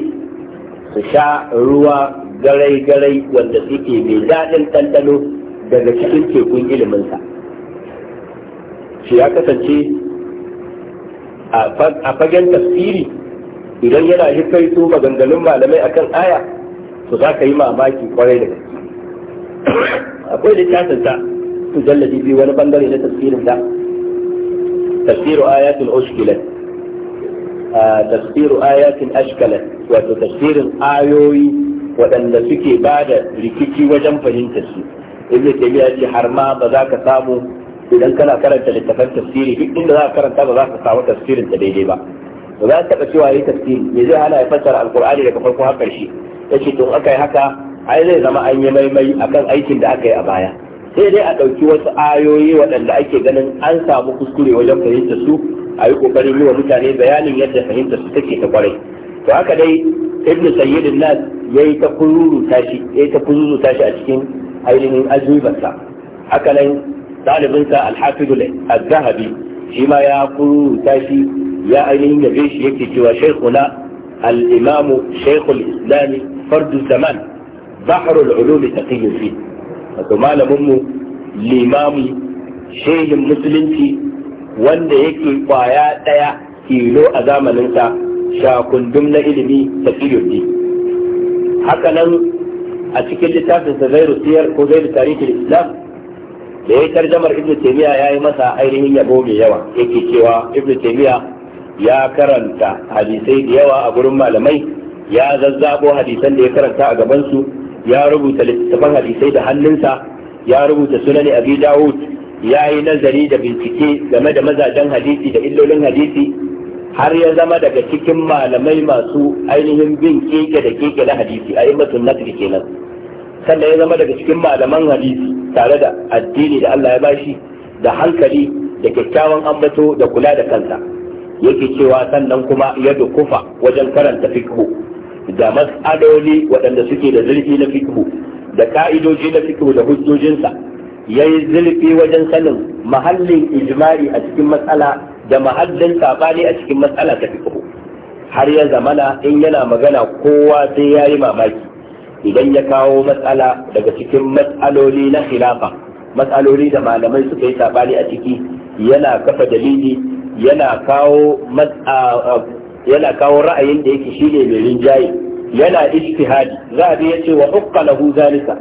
su sha ruwa garai garai wanda suke mai dadin ɗanɗano daga cikin tekun iliminsa shi ya kasance a fagen tafsiri idan yana kai hikaito maganganun malamai akan aya to za ka yi mamaki kwarai da gaske akwai littafin su mujalladi biyu wani bangare na tafsirin sa tafsiru ayatul ushkilat tafsiru ayatin ashkalat wato tafsirin ayoyi waɗanda suke ba da rikici wajen fahimtar su ibn taymiya ce har ma ba za ka samu idan kana karanta littafin tafsiri duk inda za ka karanta ba za ka samu tafsirin ta daidai ba ba za ka cewa yi tafsiri me zai hana ya fassara alqur'ani daga farko har karshe yace to aka yi haka ai zai zama an yi maimai akan aikin da aka yi a baya sai dai a ɗauki wasu ayoyi waɗanda ake ganin an samu kuskure wajen fahimtar su a yi ƙoƙarin yi wa mutane bayanin yadda fahimtar su take ta kwarai to haka dai ibnu sayyidin nas yayi ta kururuta shi ta kururuta shi a cikin ainihin ajubarsa haka nan ɗalibinsa alhafidul zahabi shi ma ya kuruta shi ya ainihin yabe shi yake cewa shaikhuna al-imamu shaikhul islami fardu zaman bahrul ulumi taqiyyun fi wato malamin mu limami shehin musulunci wanda yake kwaya daya kilo a zamaninsa shakundum na ilimi taqiyyun fi haka nan a cikin littafin sa gairu siyar ko Zairu tarihin islam da ya tarjamar ibn taymiya ya yi masa ainihin yabo mai yawa yake cewa ibn taymiya ya karanta hadisai da yawa a gurin malamai ya zazzabo hadisan da ya karanta a gaban su ya rubuta littafan hadisai da hannunsa ya rubuta sunan abi dawud ya yi nazari da bincike game da mazajen hadisi da illolin hadisi har ya zama daga cikin malamai masu ainihin bin keke da keke na hadisi a immatun nasiri kenan sannan ya zama daga cikin malaman hadisi tare da addini da Allah ya bashi da hankali da kyakkyawan ambato da kula da kansa yake cewa sannan kuma ya dukufa wajen karanta fikhu da mas'aloli waɗanda suke da zurfi na fikhu da ka'idoji na fikhu da hujjojinsa ya yi zurfi wajen sanin mahallin ijma'i a cikin matsala da mahallin sabani a cikin matsala ta fikhu har ya zamana in yana magana kowa sai ya yi mamaki idan ya kawo matsala daga cikin matsaloli na khilafa matsaloli da malamai suka yi sabani a ciki yana kafa dalili yana kawo yana kawo ra'ayin da yake shine mai rinjaye yana ijtihadi za a ya ce wa hukka zalika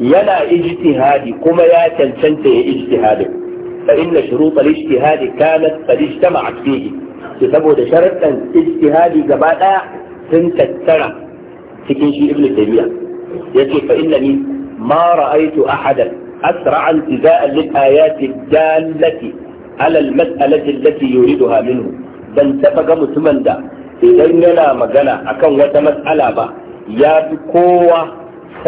yana ijtihadi kuma ya cancanta ya ijtihadi fa inna shurut al-ijtihadi kanat qad ijtama'at fihi saboda sharadan ijtihadi gaba daya sun tattara cikin shi ibnu taymiya yace fa innani ma ra'aytu ahadan asra intiza'an lil ayati dallati ala al mas'alati allati yuriduha minhu dan taba ga mutumin da idan yana magana akan wata mas'ala ba ya fi kowa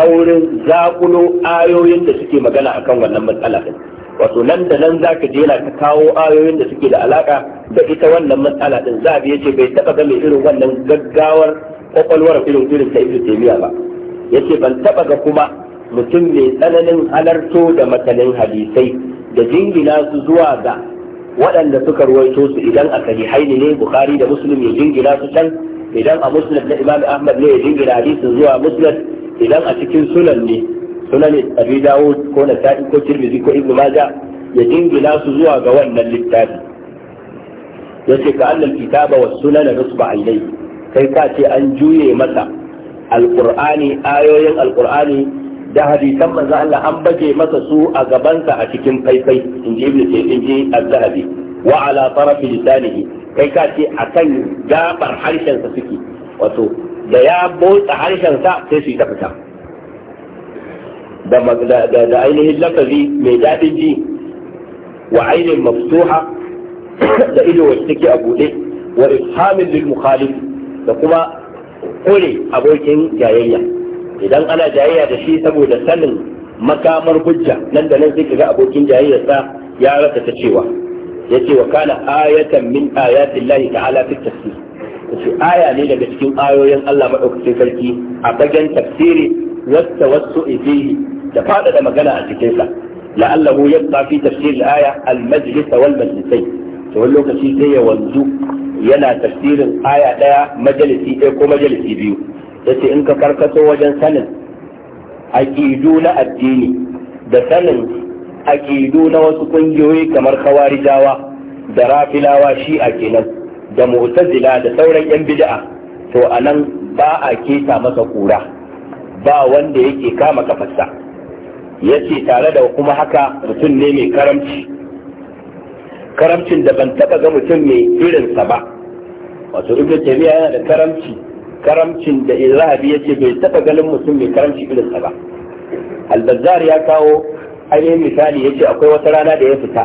saurin zakulo ayoyin da suke magana akan wannan matsala din wato nan da nan zaka je na ka kawo ayoyin da suke da alaka da ita wannan matsala din za a ce bai taba ga mai irin wannan gaggawar kwakwalwar irin irin ta ibnu taymiya ba yace ban taba ga kuma mutum mai tsananin halarto da matanin hadisai da jingina su zuwa ga waɗanda suka ruwaito su idan a sahihaini ne bukhari da muslim ya jingina su can idan a musnad na imam ahmad ne ya jingina hadisin zuwa musnad idan a cikin sunan ne sunan abi dawud ko nasa'i ko tirmidhi ko ibnu majah ya jingina su zuwa ga wannan littafi yace ka annal kitaba was sunan nusba ilayhi kai ka ce an juye masa alqur'ani ayoyin alkur'ani da hadisan manzo Allah an baje masa su a gabansa a cikin faifai in ji ibnu in ji az-zahabi wa ala tarafi lisanihi kai ka ce akan gabar harshen sa suke wato da ya motsa harshen sa sai su yi ta fita da ainihin lafazi mai daɗin ji wa ainihin mafsuha da ido wacce take a bude wa ifhamin lil mukhalif da kuma kore abokin jayayya idan ana jayayya da shi saboda sanin makamar hujja nan da nan zai ga abokin jayayyarsa ya rasa ta cewa ce wa kana ayatan min ayati llahi ta'ala fi tafsir yace aya ne daga cikin ayoyin Allah madaukakin sarki a bagen tafsiri wasta wasu ifihi da fada da magana a cikin sa la'allahu yabqa fi tafsir al-aya al-majlis wal majlisain to wani lokaci sai ya wanzu yana tafsirin aya ɗaya majalisi ɗaya ko majalisi biyu ce in ka karkato wajen sanin aƙidu na addini da sanin aƙidu na wasu ƙungiyoyi kamar kawarijawa da rafilawa shi'a kenan da mu'tazila da sauran yan bid'a to a nan ba a keta masa kura ba wanda yake kama kafarsa ce tare da kuma haka mutum ne mai karamci karamcin da ban taba ga mutum mai irinsa ba wato ibnu taymiya yana da karamci karamcin da izrabi yace bai taba ganin mutum mai karamci irinsa ba Al-Bazzar ya kawo ainihin misali yace akwai wata rana da ya fita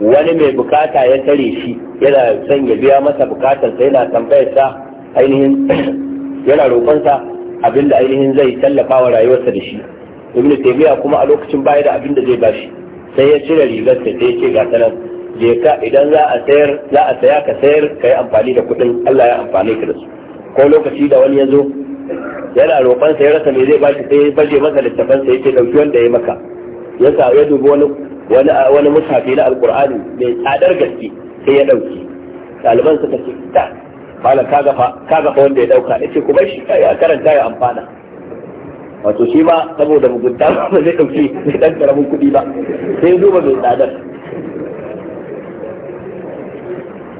wani mai bukata ya tare shi yana son ya biya masa bukatarsa yana tambayar sa ainihin yana roƙonsa abinda ainihin zai tallafa wa rayuwarsa da shi ibnu taymiya kuma a lokacin baya da abin da zai bashi sai ya cire rigarsa sai ya ce ga sanan je ka idan za a sayar za a saya ka sayar ka yi amfani da kuɗin Allah ya amfane ka da su ko lokaci da wani ya zo yana roƙon sa ya rasa me zai shi sai baje masa littafan sa yake dauki wanda ya maka ya sa ya dubi wani wani wani mushafi na alqur'ani mai tsadar gaske sai ya dauki ɗaliban suka ce ta malam ka gafa ka gafa wanda ya dauka yace ku bar shi ya karanta ya amfana wato shi ma saboda mugunta ba zai dauki zai dan karamin kuɗi ba sai duba mai tsadar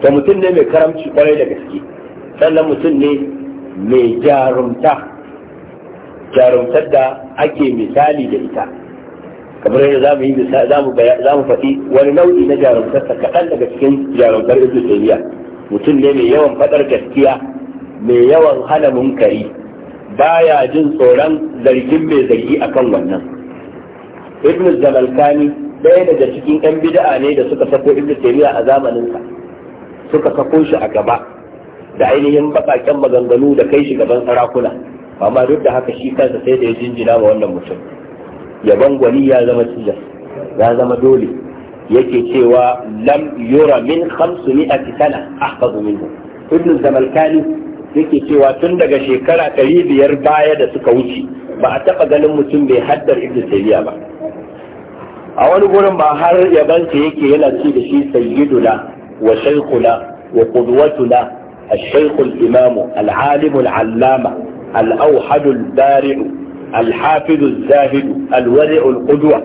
to mutum ne mai karamci kwarai da gaske sannan mutum ne mai jarumta jarumtar da ake misali da ita kamar yadda za mu yi za mu faɗi wani nau'i na jarumtarsa kaɗan daga cikin jarumtar ibnu taymiya mutum ne mai yawan faɗar gaskiya mai yawan hana munkari baya jin tsoron zargin mai zargi akan wannan ibn zamalkani ɗaya daga cikin 'yan bida'a ne da suka sako ibn taymiya a zamaninsa suka kafo shi a gaba da ainihin baƙaƙen maganganu da kai shi gaban sarakuna amma duk da haka shi kansa sai da ya jinjina wa wannan mutum yaban gwani ya zama tijas ya zama dole yake cewa lam yura min khamsu mi'a sana ahfazu minhu ibn zamalkani yake cewa tun daga shekara ɗari biyar baya da suka wuce ba a taɓa ganin mutum bai haddar ibn taymiya ba a wani gurin ba har yabansa yake yana ci da shi sayyiduna وشيخنا وقدوتنا الشيخ الإمام العالم العلامة الأوحد البارع الحافظ الزاهد الورع القدوة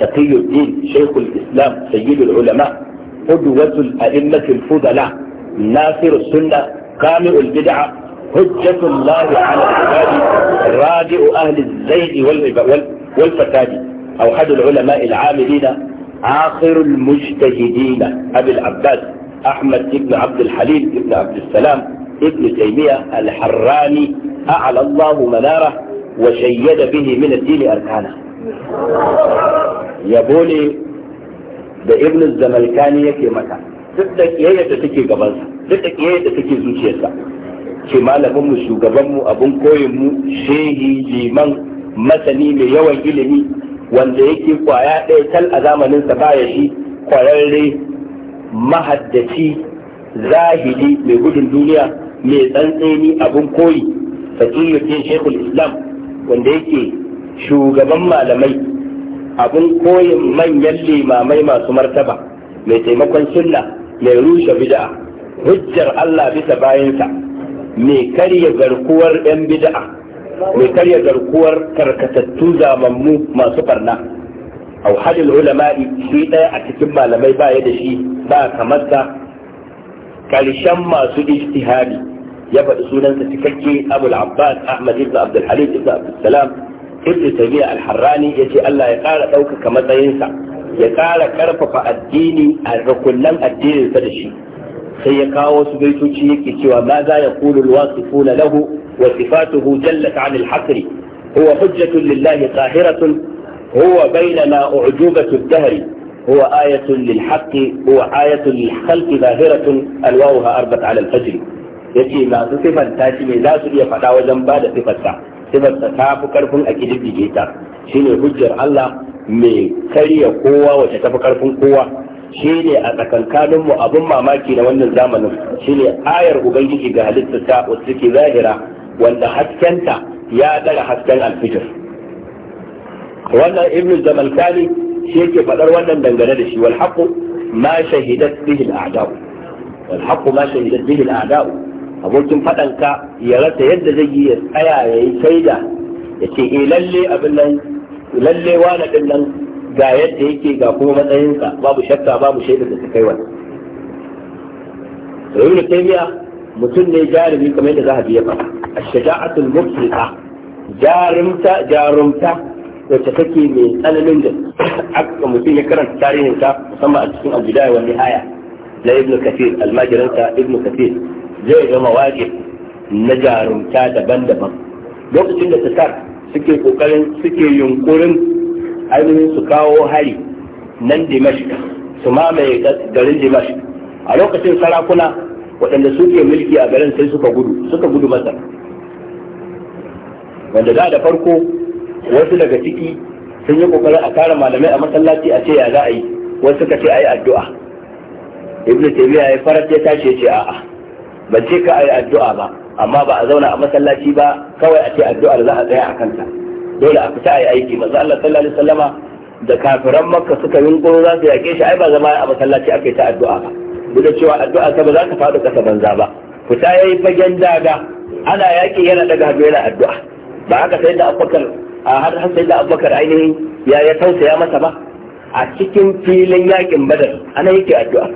تقي الدين شيخ الإسلام سيد العلماء قدوة الأئمة الفضلاء ناصر السنة قامع البدعة حجة الله على العباد راجع أهل الزيد والفساد أوحد العلماء العاملين آخر المجتهدين أبي العباس أحمد بن عبد الحليم بن عبد السلام ابن تيمية الحراني أعلى الله مناره وشيد به من الدين أركانه يا يبولي بابن الزملكاني يكي متى تبتك يهي تتكي قبلها تبتك يهي تتكي زوجي يسا كما لهم شو قبلهم أبن كوي شيهي جيمان مثني ليوى جلني wanda yake kwaya ɗaya tal a zamaninsa baya shi kwararre mahaddaci zahidi mai gudun duniya mai tsantseni abin koyi fasiluddin shekul islam wanda yake shugaban malamai abin koyin manyan limamai masu martaba mai taimakon sunna mai rushe bid'a hujjar allah bisa bayansa mai karya garkuwar 'yan bid'a mai karya garkuwar karkatattu zamammu masu barna au hadil ulama'i shi ɗaya a cikin malamai ba ya da shi ba kamar sa karshen masu ijtihadi ya faɗi sunansa cikakke abul abbas ahmad ibn abdul halim ibn abdul salam ibn tabi'a al-harrani ce Allah ya ƙara ɗaukaka matsayinsa ya ƙara ƙarfafa addini a rukunnan addininsa da shi sai ya kawo wasu baitoci yake cewa ma za ya kulu alwasifuna lahu wa sifatuhu jallat an al-hasri huwa hujjatun lillahi qahiratun huwa bainana u'jubatu ad huwa هو آية للحق هو آية للخلق ظاهرة ألواؤها أربت على الفجر yace masu sifanta shi ne za su iya faɗa wajen ba da sifarsa sifarsa ta fi karfin a kididdige ta shine hujjar Allah mai karya kowa wace ta fi karfin kowa shi ne a tsakankaninmu abin mamaki na wannan zamanin shi ne ayar ubangiji ga halittarsa wacce take zahira wanda haskenta ya daga hasken alfijir wannan ibnu zamalkani shi yake faɗar wannan dangane da shi wal haqu ma shahidat bihi al a'da'u wal haqu ma shahidat bihi al a'da'u abokin faɗanka ya rasa yadda zai yi ya tsaya ya yi shaida ya ce eh lalle abin nan lalle wani din nan ga yadda yake ga kuma matsayinsa babu shakka babu shaidar da ta kai wani ibn taymiya mutum ne jarumi kamar yadda zahabi ya faɗa ash-shaja'atul mufrita jarumta jarumta wacce take mai tsananin da aka mutum ya karanta tarihin ta musamman a cikin al-bidaya wa nihaya na ibn kathir almajiransa ibn kathir zai zama mawaƙi na jarumta daban-daban lokacin da ta suke kokarin suke yunkurin ainihin su kawo hari nan dimashik su mamaye garin dimashik a lokacin sarakuna waɗanda suke mulki a garin sai suka gudu suka gudu masar wanda da da farko wasu daga ciki sun yi kokarin a kare malamai a masallaci a ce ya za a yi wasu suka ce a addu'a ibnu taymiya ya farat ya tashi ya ce a'a ban ce ka a yi addu'a ba amma ba a zauna a masallaci ba kawai a ce addu'ar za a tsaya a kanta dole a fita a yi aiki manzo Allah sallallahu alaihi wasallama da kafiran makka suka yunkuro za su yake shi ai ba zama a masallaci ake ta addu'a ba duk da cewa addu'a ta ba za ka faɗo ƙasa banza ba fita yayi fagen daga ana yaki yana daga hannu addu'a ba haka sai da abubakar a har sai da abubakar ainihin ya ya tausaya masa ba a cikin filin yaƙin badar ana yake addu'a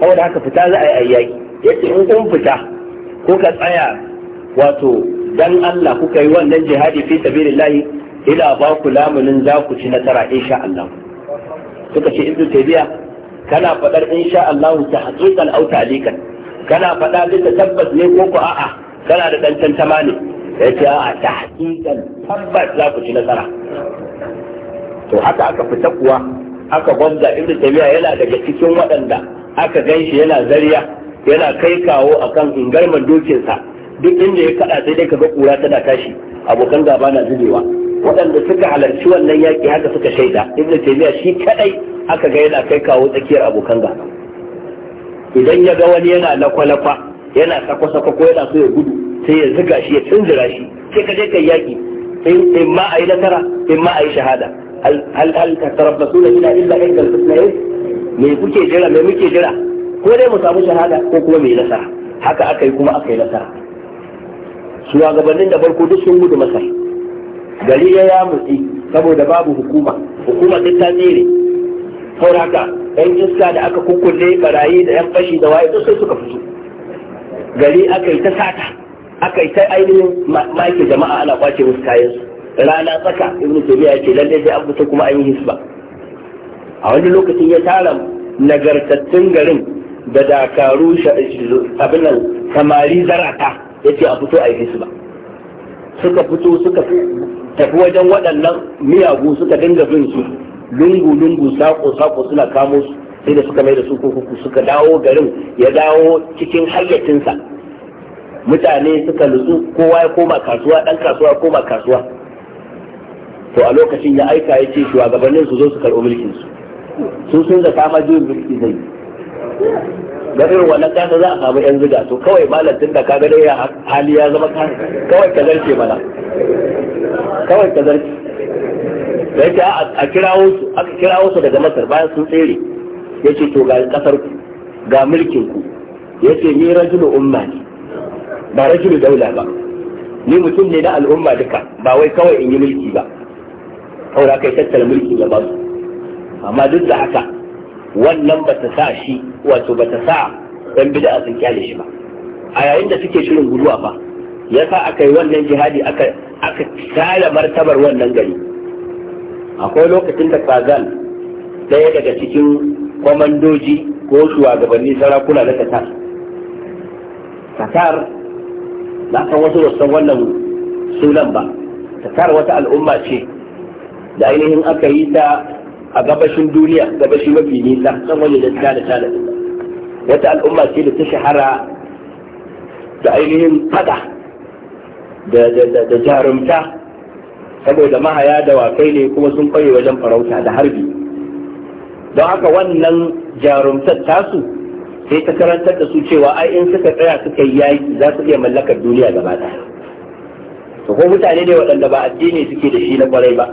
saboda haka fita za a yi yaƙi yace in kun fita ko ka tsaya wato dan Allah kuka yi wannan jihadi fi sabilillahi ila ba ku lamunin za ku ci nasara insha Allah suka ce ibnu taymiya kana fadar insha Allah ta haqiqan aw ta'liqan kana fada bisa tabbas ne ko ko a'a kana da dan tantama ne yace a'a ta haqiqan tabbas za ku ci nasara to haka aka fita kuwa aka gwamza ibnu taymiya yana daga cikin waɗanda aka ganshi yana zariya yana kai kawo akan ingarman dokinsa duk inda ya kada sai dai kaga kura tana tashi abokan gaba na zubewa waɗanda suka halarci wannan yaƙi haka suka shaida ibn taymiya shi kadai aka ga yana kai kawo tsakiyar abokan gaba idan ya ga wani yana lakwalakwa yana sako-sako ko yana so ya gudu sai ya zuga shi ya tunzura shi sai ka je kai yaƙi in ma a yi nasara in ma a yi shahada hal hal ka tarabbasu da ila illa ihdal husnayn eh? me kuke jira me muke jira ko dai mu samu shahada ko kuma mu yi nasara haka aka yi kuma aka yi nasara shugabannin da farko duk sun gudu masar gari ya ya mutsi saboda babu hukuma hukuma duk ta tsere saboda haka yan iska da aka kukkulle barayi da yan fashi da waye duk sai suka fito gari aka yi ta sata aka yi ta ainihin maki jama'a ana kwace musu kayan su rana tsaka ibnu taymiya yake lalle sai an fito kuma an yi hisba a wani lokacin ya tara nagartattun garin da dakaru abin nan samari zarata ya ce a fito a yi ba suka fito suka tafi wajen waɗannan miyagu suka dinga bin su lungu-lungu sako-sako suna kamo su sai da suka mai da su kuku suka dawo garin ya dawo cikin hayyacinsa mutane suka nutsu kowa ya koma kasuwa ɗan kasuwa koma kasuwa to a lokacin ya aika ya ce shugabannin su zo su karɓi mulkin su sun sun zata ma juyin mulki zai da irin wannan kasa za a samu yan ziga to kawai malam tun da ka ga dai hali ya zama kawai ka zarce mana kawai ka zarce da yake a kirawo su aka kirawo su daga masar bayan sun tsere yace to ga kasar ku ga mulkin ku yace ni rajulu umma ne ba rajulu daula ba ni mutum ne na al'umma duka ba wai kawai in yi mulki ba kawai aka yi tattala mulki ga ba su amma duk da haka wannan ba ta sa shi wato ba ta sa ɗan bid'a sun kyale shi ba a yayin da suke shirin guduwa fa ya sa aka yi wannan jihadi aka tsara martabar wannan gari akwai lokacin da kazan daya daga cikin kwamandoji ko shugabanni sarakuna na katar. katar na kan wasu da wannan sunan ba katar wata al'umma ce da ainihin aka yi ta a gabashin duniya gabashi mafi nisa san wani da tana tana wata al'umma ce da ta shahara da ainihin fada da jarumta saboda mahaya da wakai ne kuma sun kwaye wajen farauta da harbi don haka wannan jarumtar tasu sai ta karantar da su cewa ai in suka tsaya suka yi yaki za su iya mallakar duniya gaba ɗaya to ko mutane ne waɗanda ba addini suke da shi na kwarai ba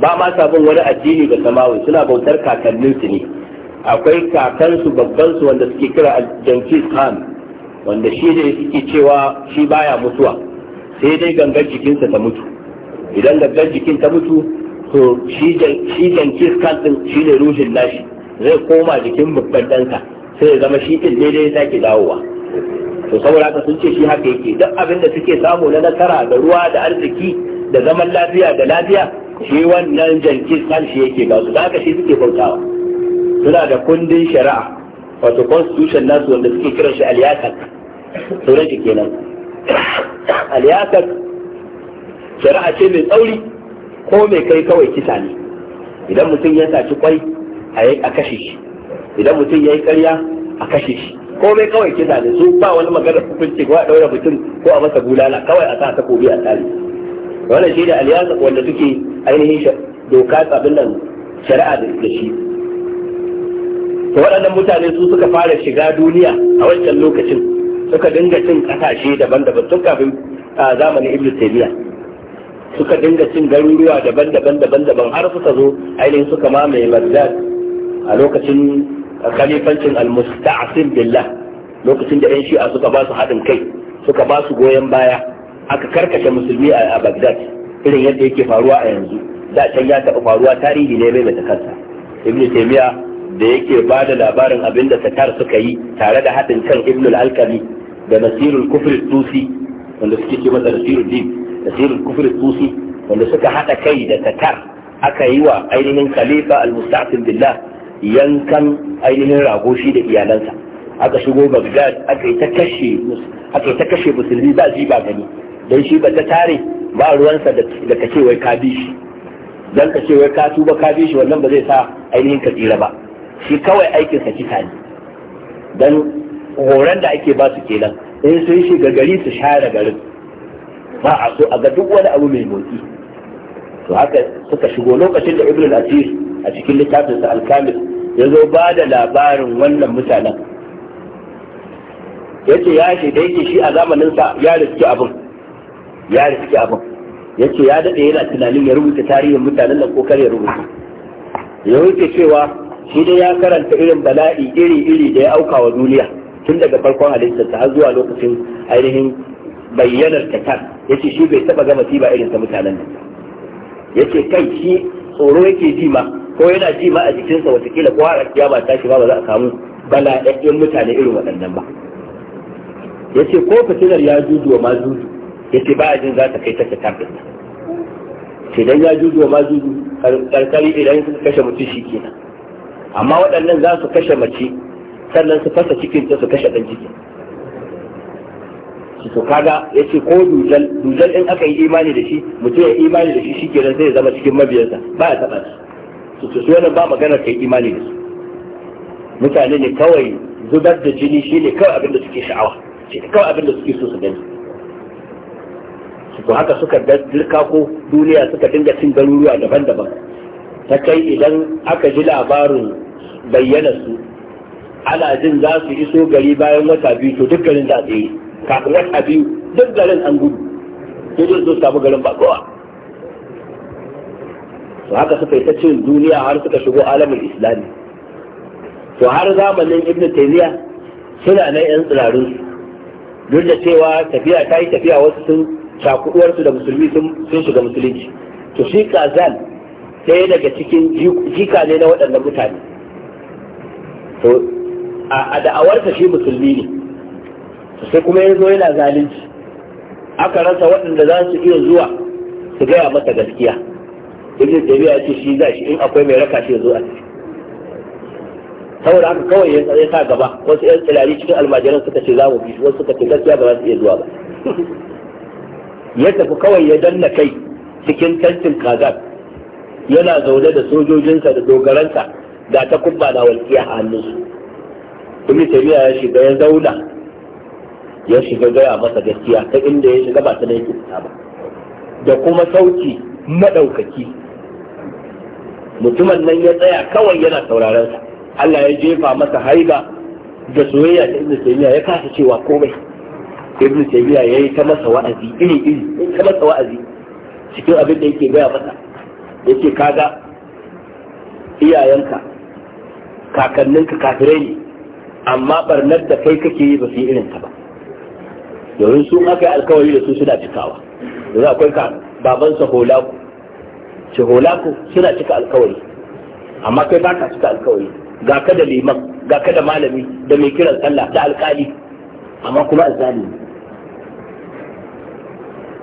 ba ma sabon wani addini da samawi suna bautar kakanninsu ne akwai kakansu babbansu wanda suke kira Genghis Khan wanda shi ne suke cewa shi baya mutuwa sai dai gangar jikinsa ta mutu idan gangar jikin ta mutu to shi Genghis Khan din shi ne ruhin nashi zai koma jikin babban ɗansa sai ya zama shi din daidai dai sake dawowa to saboda haka sun ce shi haka yake duk abin da suke samu na nasara da ruwa da arziki da zaman lafiya da lafiya shi wannan jankin shi yake ba su daga shi suke bautawa suna da kundin shari'a wato constitution nasu wanda suke kira shi aliyakar sauran shi kenan aliyakar shari'a ce mai tsauri ko mai kai kawai kisa ne idan mutum ya saci kwai a yi a kashe shi idan mutum ya yi karya a kashe shi komai kawai kisa ne su ba wani magana hukunci ko a daura mutum ko a masa bulala kawai a sa takobi a tsari wannan shi da aliyasa wanda suke ainihin doka tsabin nan shari'a da shi to waɗannan mutane su suka fara shiga duniya a wancan lokacin suka dinga cin ƙasashe daban-daban tun kafin a zamanin ibn taymiya suka dinga cin garuruwa daban-daban daban-daban har suka zo ainihin suka mamaye bagdad a lokacin khalifancin al-musta'sim billah lokacin da 'yan shi'a suka ba su haɗin kai suka ba su goyon baya aka karkashe musulmi a bagdad irin yadda yake faruwa a yanzu da can ya taɓa faruwa tarihi ne mai mata kansa ibn taymiya da yake ba da labarin abin da tatar suka yi tare da haɗin kan ibn al-alkami da nasirul kufri tusi wanda suke ce masa nasirul din nasirul kufri tusi wanda suka haɗa kai da tatar aka yi wa ainihin khalifa al-musta'tin billah yankan ainihin rago shi da iyalansa aka shigo bagdad aka yi ta kashe musulmi ba ji ba gani don shi ba ta tare ba ruwansa da ka wai ka bi shi don ka wai ka tuba ka bi shi wannan ba zai sa ainihin ka tsira ba shi kawai aikin sa kika ne don horon da ake ba su kenan in sun shiga gari su share garin ba a so a ga duk wani abu mai motsi to haka suka shigo lokacin da ibn al-asir a cikin littafin sa al-kamil ya zo ba da labarin wannan mutanen yace ya shi da yake shi a zamanin sa ya riske abin ya riski abin ya ce ya daɗe yana tunanin ya rubuta tarihin mutanen nan ko ya rubuta ya wuce cewa shi dai ya karanta irin bala'i iri-iri da ya auka wa duniya tun daga farkon halittarsa har zuwa lokacin ainihin bayyanar ta ya ce shi bai taɓa gama masiba irin ta mutanen nan ya ce kai shi tsoro yake ji ma ko yana ji ma a jikinsa watakila ko har kiyama ta shi ba ba za a samu bala'aƙƙen mutane irin waɗannan ba ya ce ko fitilar ya juju ma juju ce ba a jin za ta kai ta kitab din ce dan ya juju ma juju karkari idan suka kashe mutum shi kenan amma waɗannan za su kashe mace sannan su fasa cikin ta su kashe dan cikin to kaga ce ko dujal dujal in aka yi imani da shi mutum ya imani da shi shi kenan zai zama cikin mabiyansa ba ya taɓa su su su wannan ba magana kai imani da su mutane ne kawai zubar da jini shi ne kawai abinda suke sha'awa shi ne kawai abinda suke so su gani to haka suka dirka ko duniya suka dinga cin garuruwa daban-daban ta kai idan aka ji labarin bayyana su ana jin za su iso gari bayan wata biyu to duk garin za su yi kafin wata biyu duk garin an gudu to dai zo samu garin ba kowa to haka suka yi ta cin duniya har suka shigo alamin islami to har zamanin ibnu taymiya suna nan yan tsirarin duk da cewa tafiya ta yi tafiya wasu sun cakuduwarsu da musulmi sun shiga musulunci to shi kazan ɗaya daga cikin jika ne na waɗannan mutane to a da'awarsa shi musulmi ne sai kuma ya zo yana zalunci aka rasa waɗanda za su iya zuwa su gaya masa gaskiya ibn tabi'a ya ce shi za shi in akwai mai raka shi ya zo a ciki saboda haka kawai ya sa gaba wasu yan tsirari cikin almajiran suka ce za mu bi wasu suka ce gaskiya ba za su iya zuwa ba ya tafi kawai ya danna kai cikin tantin kazan yana zaune da sojojinsa da dogaransa da ta kubba na walƙiya a hannunsu ibn taymiya ya shiga ya zauna ya shiga gaya masa gaskiya ta inda ya shiga ba ta da yake fita ba da kuma sauki maɗaukaki mutumin nan ya tsaya kawai yana sauraransa Allah ya jefa masa haiba da soyayya ta inda taymiya ya kasa cewa komai ibn taymiya yayi ta masa wa'azi iri iri ta masa wa'azi cikin abin da yake gaya masa yake kaga iyayenka kakanninka kafirai ne amma barnar da kai kake yi ba su yi irin ta ba domin su aka yi alkawari da su suna cikawa yanzu akwai ka babansa holaku ce holaku suna cika alkawari amma kai ba ka cika alkawari ga ka da liman ga ka da malami da mai kiran sallah da alkali amma kuma ne.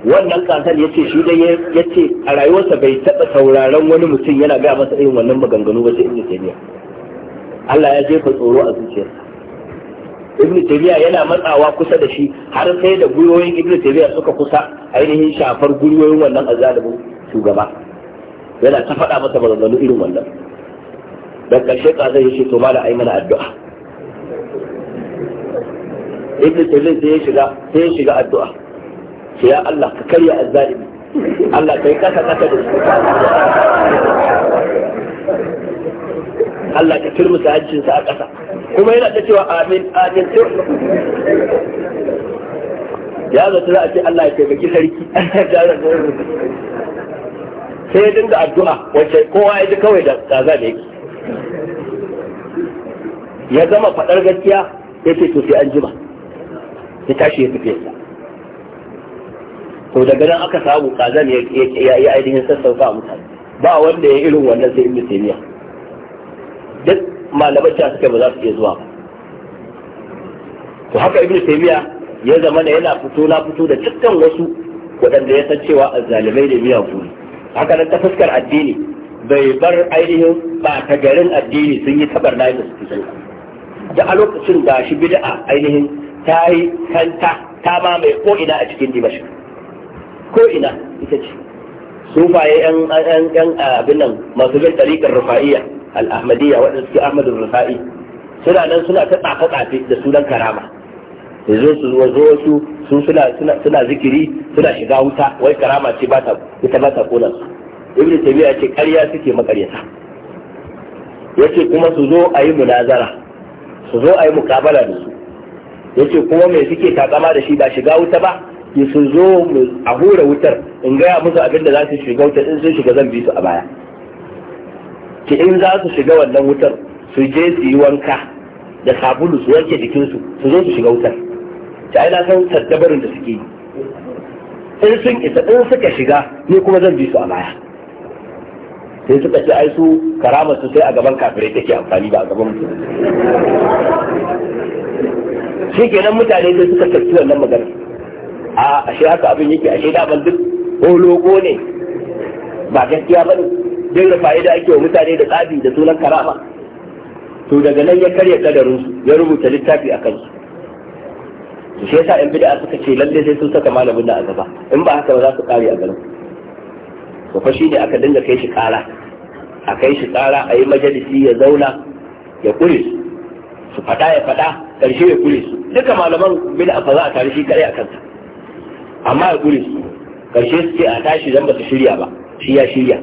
wannan kantan ya ce shi da ya ce a rayuwarsa bai taɓa sauraron wani mutum yana gaya masa irin wannan maganganu ba sai ibn taymiya Allah ya jefa tsoro a zuciyarsa ibn taymiya yana matsawa kusa da shi har sai da gwiwoyin ibn taymiya suka kusa ainihin shafar gwiwoyin wannan azalimin shugaba yana ta faɗa masa maganganu irin wannan dan karshe ka zai ce to mala ai mana addu'a ibn taymiya sai ya shiga sai ya shiga addu'a ya Allah ka karya azzalimi Allah ka yi kasa kasa da su. Allah ka turmusa hancinsa a ƙasa kuma yana da cewa amin amin tur ya zata za a ce Allah ya taimaki sarki sai ya dinga addu'a wacce kowa ya ji kawai da kaza da yake ya zama faɗar gaskiya ya ce to sai an jima ya tashi ya tafi yasa to daga nan aka samu kazan ya yi ainihin sassauka a mutane ba wanda ya irin wannan sai ibnu taymiya duk malaman ta suke ba za su iya zuwa ba to haka ibnu taymiya ya zama da yana fito na fito da cikin wasu waɗanda ya san cewa azzalimai da miyagu kuri haka nan ta fuskar addini bai bar ainihin ba ta garin addini sun yi tabar na da suke so da a lokacin da shi bid'a ainihin ta yi kanta ta mamaye ko ina a cikin dimashin ko ina ita ce sufaye yan yan yan abin nan masu bin tariqar rufa'iyya al-ahmadiyya waɗanda suke Ahmadu rufa'i suna nan suna ta tsafa tsafe da sunan karama yanzu su zo zo su sun suna suna suna zikiri suna shiga wuta wai karama ce ba ta ita ba ta kona su ibnu taymiya ce ƙarya suke makaryata yace kuma su zo a yi munazara su zo a yi mukabala da su yace kuma me suke takama da shi ba shiga wuta ba sun zo a hura wutar in gaya musu abin da za su shiga wutar in sun shiga zan bi su a baya ki in za su shiga wannan wutar su je su yi wanka da sabulu su wanke jikinsu su zo su shiga wutar ta aina san tattabarin da suke yi in sun isa in suka shiga ni kuma zan bi su a baya sai suka ce ai su karamar su sai a gaban kafirai take amfani ba a gaban mutum shi kenan mutane sai suka tafi wannan magana a ashe haka abin yake ashe ban duk holoko ne ba gaskiya ba ne din da fa'ida ake wa mutane da tsabi da sunan karama to daga nan ya karya kadarin ya rubuta littafi a kansu su shi yasa yan bid'a suka ce lalle sai sun saka malamin da a gaba in ba haka ba za su kare a garin to fa shi ne aka dinga kai shi kara a kai shi kara a yi majalisi ya zauna ya kure su su fada ya fada karshe ya kure su duka malaman bid'a fa za a tare shi kare a kansa amma ya ƙure su karshe a tashi zan ba su shirya ba shi ya shirya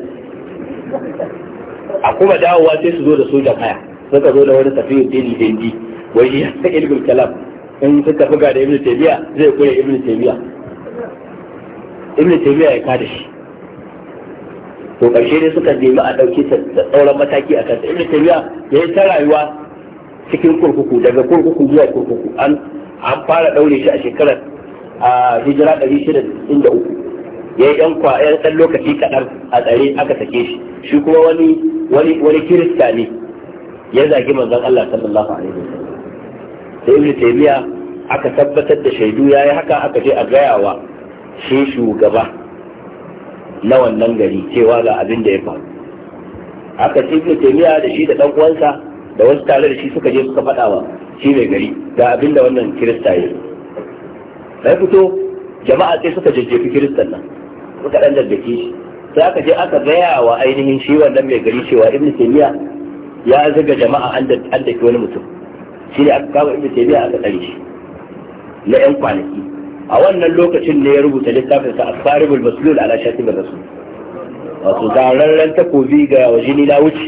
a kuma dawowa sai su zo da sojan haya suka zo da wani tafiya dindi dindi wai shi ya ilmul kalam in suka buga da ibnu taymiya zai kure ibnu taymiya ibnu taymiya ya kada shi to karshe dai suka nemi a dauke da tsauran mataki a kansa ibnu taymiya yi ta rayuwa cikin kurkuku daga kurkuku zuwa kurkuku an an fara daure shi a shekarar a hijira 603 ya yi ɗan kwayar ɗan lokaci kaɗan a tsare aka sake shi shi kuma wani wani wani kirista ne ya zagi manzon Allah sallallahu alaihi wasallam sai ibnu taymiya aka tabbatar da shaidu yayi haka aka je a gayawa shi shugaba na wannan gari cewa ga abin da ya faru aka ce ibnu taymiya da shi da dan uwansa da wasu tare da shi suka je suka faɗa wa shi mai gari ga abin da wannan kirista ya yi da fito jama'a sai suka jajjefi kiristan nan suka dan jajjefi shi sai aka je aka gaya wa ainihin shi wannan mai gari cewa ibnu taymiya ya zaga jama'a an da wani mutum shi ne aka kama ibnu taymiya aka tsare shi na yan kwanaki a wannan lokacin ne ya rubuta littafin sa asfaribul maslul ala shatibir rasul wato tararren takobi ga wajini na wuce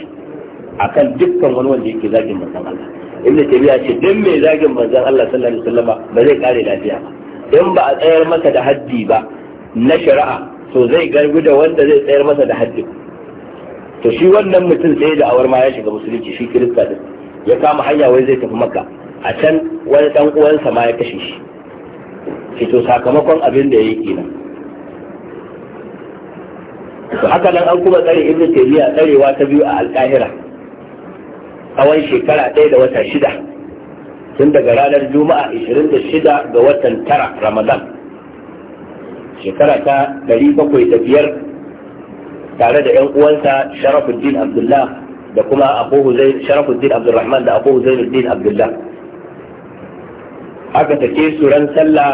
akan dukkan wani wanda yake zagin manzon Allah ibnu taymiya ce dan mai zagin manzon Allah sallallahu alaihi wasallama ba zai kare lafiya ba in ba a tsayar masa da haddi ba na shari'a to zai garbi da wanda zai tsayar masa da haddi to shi wannan mutum sai da awar ma ya shiga musulunci shi kirista din ya kama hanya wai zai tafi maka a can wani dan uwansa ma ya kashe shi shi to sakamakon abin da ya yi kenan to haka nan an kuma tsare ibnu taymiya tsarewa ta biyu a alkahira tsawon shekara ɗaya da wata shida tun daga ranar juma'a 26 ga watan tara ramadan shekara ta 705 tare da 'yan uwansa sharafuddin abdullah da kuma abu sharafuddin abdulrahman da abu zainuddin abdullah haka take su ran sallah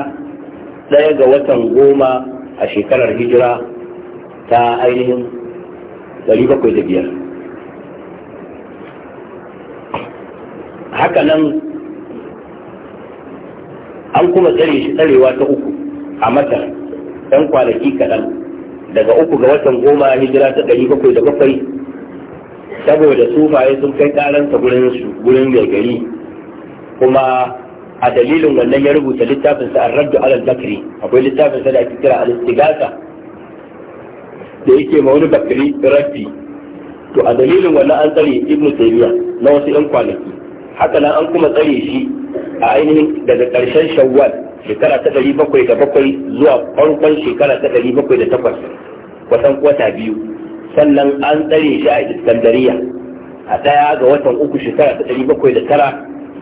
ɗaya ga watan goma a shekarar hijira ta ainihin 705 haka nan an kuma tsare shi tsarewa ta uku a mata ɗan kwanaki kaɗan daga uku ga watan goma hijira ta ɗari bakwai da bakwai saboda sufaye sun kai ƙaransa gurin gargari kuma a dalilin wannan ya rubuta littafinsa an raddu al bakri akwai littafinsa da ake kira al-istigasa da yake ma wani bakri rabbi to a dalilin wannan an tsare ibnu taymiya na wasu yan kwanaki haka nan an kuma tsare shi a ainihin daga ƙarshen shawwal shekara ta ɗari bakwai da bakwai zuwa farkon shekara ta ɗari bakwai da takwas kusan wata biyu sannan an tsare shi a iskandariya a ɗaya ga watan uku shekara ta ɗari bakwai da tara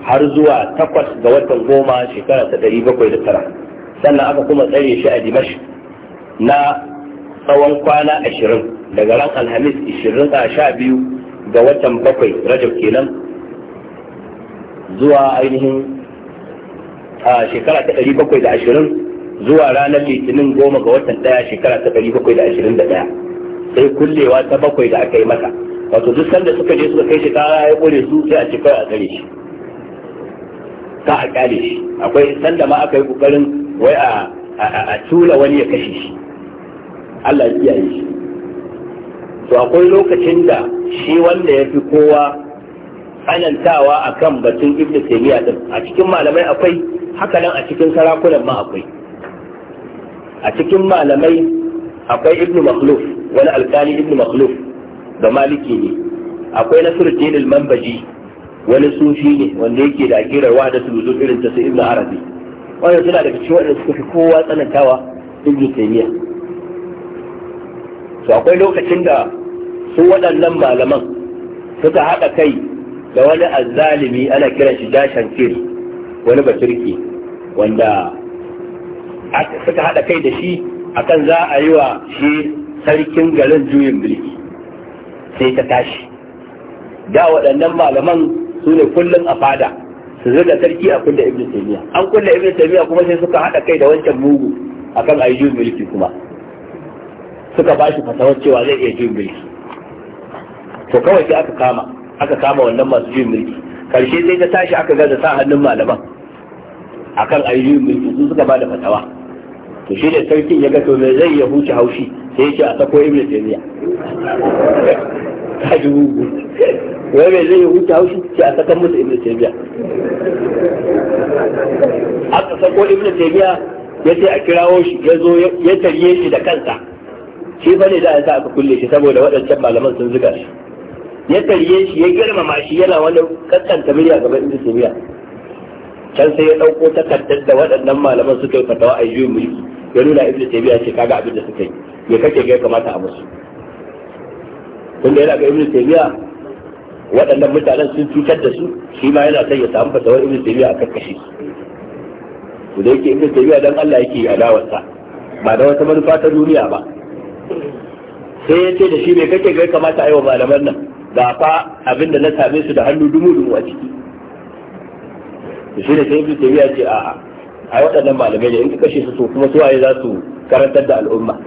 har zuwa takwas ga watan goma shekara ta ɗari bakwai da tara sannan aka kuma tsare shi a dimash na tsawon kwana ashirin daga ran alhamis ashirin a sha biyu ga watan bakwai rajab kenan zuwa ainihin a shekara ta ɗari bakwai da ashirin zuwa ranar litinin goma ga watan ɗaya shekara ta ɗari bakwai da ashirin da ɗaya sai kullewa ta bakwai da aka yi mata wato duk sanda suka je suka kai shi kara ya ƙure su sai a cikin a tsare shi ka a kyale shi akwai sanda ma aka yi ƙoƙarin wai a tula wani ya kashe shi Allah ya kiyaye shi to akwai lokacin da shi wanda ya fi kowa tsanantawa kan batun Ibn taymiya din a cikin malamai akwai haka nan a cikin sarakunan ma akwai a cikin malamai akwai Ibn makhluf wani alkali Ibn makhluf da maliki ne akwai nasiruddin al-manbaji wani sufi ne wanda yake da akirar da suluzul irin ta su Ibn arabi wannan suna daga cikin wanda suka fi kowa tsanantawa Ibn taymiya to akwai lokacin da su waɗannan malaman suka haɗa kai da wani azzalimi ana kiran shi dashan kir wani baturki wanda suka haɗa kai da shi akan za a yi wa shi sarkin garin juyin mulki sai ta tashi da waɗannan malaman su ne kullum a fada su zo da sarki a kulle ibn taymiya an kulle ibn taymiya kuma sai suka haɗa kai da wancan mugu akan ayi juyin mulki kuma suka ba shi fasahar cewa zai iya juyin mulki to kawai sai aka kama aka kama wannan masu juyin mulki karshe sai ta tashi aka gaza sa hannun malaman akan ayyukan mulki su suka bada fatawa to shi ne sarkin ya ga to me zai ya huce haushi sai yake a sako ibn taymiya kaji hugu wai me zai ya huce haushi sai a sakan musu ibn taymiya aka sako ibn taymiya ya ce a kirawo shi ya zo ya tarye shi da kansa shi fa ne da ya sa aka kulle shi saboda waɗancan malaman sun zuga shi ya karye shi ya girmama shi yana wani kakkanta miliya inda ibn taymiya can sai ya dauko takardar da waɗannan malaman suka yi fatawa a yi mu ya nuna ibn taymiya ce kaga abin da suka yi ya kake ga kamata a musu tunda yana ga ibn taymiya waɗannan mutanen sun cutar da su shi ma yana son ya samu fatawar ibn taymiya a karkashe su da yake ibn taymiya don Allah yake adawarsa ba da wata manufa ta duniya ba sai ya ce da shi me kake ga kamata a yi wa malaman nan ga fa abin da na same su da hannu dumu dumu a ciki shi ne sai ibnu taymiya ce a'a ai waɗannan malamai ne in ka kashe su to kuma su waye za su karantar da al'umma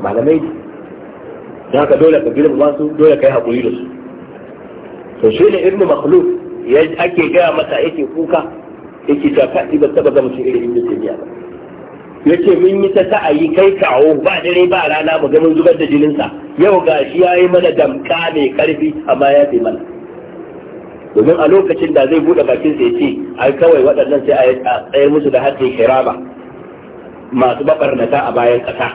malamai ne don haka dole ka girma su dole ka yi haƙuri da su to shi ne ibnu makhluf ake gaya masa yake kuka yake ta kaɗi ba taɓa ga mutum irin ibnu taymiya ba ce mun yi ta sa'ayi kai kawo ba dare ba rana mu ga zubar da jinin sa yau gashi yayi mana damka mai karfi amma ya fi mana domin a lokacin da zai bude bakin sa yace ai kawai waɗannan sai a tsayar musu da hatin hiraba masu babarnata a bayan ƙasa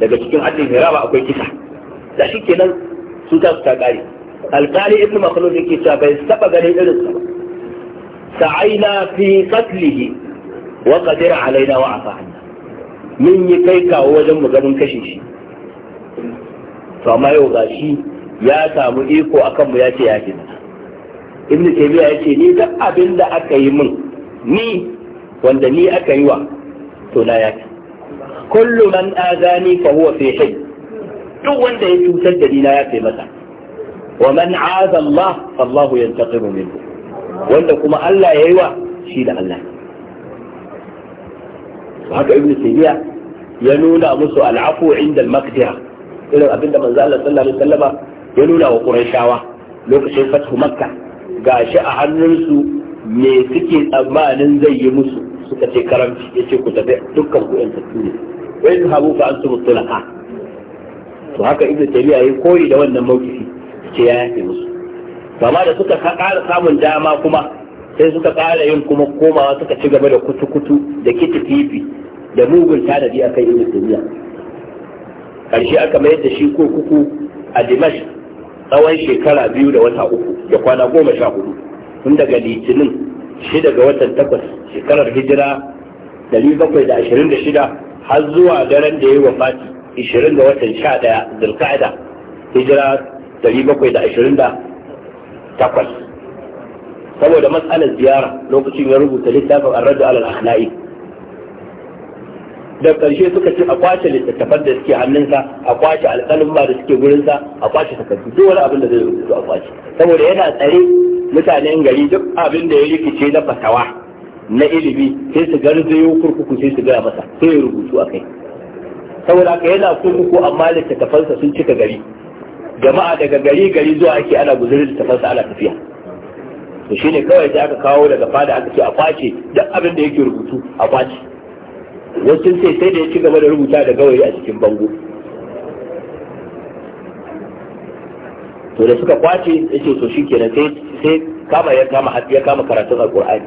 daga cikin hatin hiraba akwai kisa da shi kenan su ta su ta kare Alƙali Ibn makhlud yake cewa bai saba ganin irin sa ba sa'aina fi qatlihi wa qadira alaina wa afa mun yi kai kawo wajen mu ganin kashe shi to amma yau ga shi ya samu iko akan mu ya ce ya fi ibn taymiya ya ce ni duk abin da aka yi min ni wanda ni aka yi wa to na ya fi kullu man azani fa huwa fi duk wanda ya cutar da ni na ya fi masa wa man aza Allah fallahu yantaqimu minhu wanda kuma Allah yayi wa shi da Allah haka ibn taymiya ya nuna musu al'afu inda al-maqdiha irin abinda manzo Allah sallallahu alaihi wasallama ya nuna wa qurayshawa lokacin fathu makka gashi a hannunsu me suke tsammanin zai yi musu suka ce karamci ya ce ku tafi dukkan ku yan tattu ne wai su habu fa antum tulaqa to haka ibnu taymiya yayi koyi da wannan mawkifi ce ya yafe musu amma da suka ƙara samun dama kuma sai suka ƙara yin kuma komawa suka ci gaba da kutu-kutu da kitififi da mugun tanadi a kan yin duniya ƙarshe aka mayar da shi ko kuku a dimash tsawon shekara biyu da wata uku da kwana goma sha hudu tun daga litinin shida ga watan takwas shekarar hijira dari bakwai da ashirin da shida har zuwa daren da ya yi wa fati ashirin da watan sha ɗaya zulka'ada hijira dari bakwai da ashirin da takwas saboda matsalar ziyara lokacin ya rubuta littafin arradu alal akhla'i da ƙarshe suka ce a kwace littattafan da suke hannunsa a kwace alƙalin ba da suke gurinsa a kwace takardu duk wani abin da zai rubutu a kwace saboda yana tsare mutanen gari duk abin da ya rikice na fatawa na ilimi sai su garzayo kurkuku sai su gaya masa sai ya rubutu a kai saboda haka yana kurkuku amma littattafansa sun cika gari jama'a daga gari gari zuwa ake ana guzuri littattafansa ana tafiya to ne kawai sai aka kawo daga fada aka ce a kwace duk abin da yake rubutu a kwace wasu sai sai da ya ci gaba da rubuta da gawayi a cikin bango to da suka kwace ya ce to kenan sai sai kama ya kama ya kama karatun alqur'ani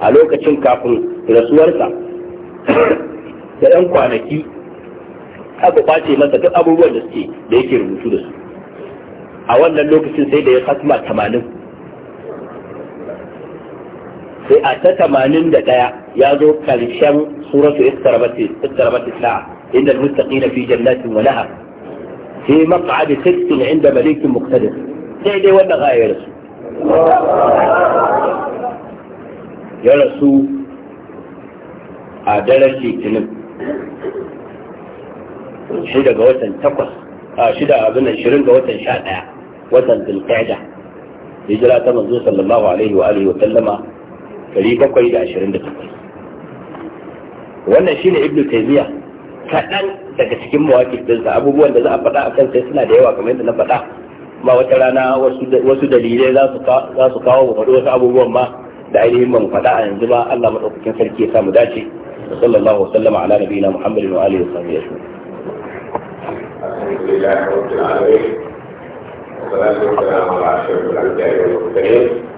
a lokacin kafin rasuwarsa da ɗan kwanaki aka kwace masa duk abubuwan da suke da yake rubutu da su a wannan lokacin sai da ya khatma tamanin sai a ta tamanin da ɗaya ya zo karshen suratu istarabati sa'a inda al na fi jannatin wa nahar fi maq'adi sittin inda malikin muqtadir sai dai wannan ayar rasu ya rasu a daren litinin shida ga watan takwas a shida abin da shirin ga watan sha ɗaya watan zulqa'da hijira ta manzo sallallahu alaihi wa alihi wa sallama 728 wannan shi shine ibnu taymiya kaɗan daga cikin mawaƙi dinsa abubuwan da za a faɗa a kan sai suna da yawa kamar yadda na faɗa ma wata rana wasu dalilai za su kawo mu faɗi wasu abubuwan ma da ainihin ban faɗa a yanzu ba Allah madaukakin sarki ya samu dace sallallahu wa sallama ala nabiyina muhammadin wa alihi wa sahbihi ajma'in alhamdulillah rabbil alamin والصلاة والسلام على أشرف الأنبياء والمرسلين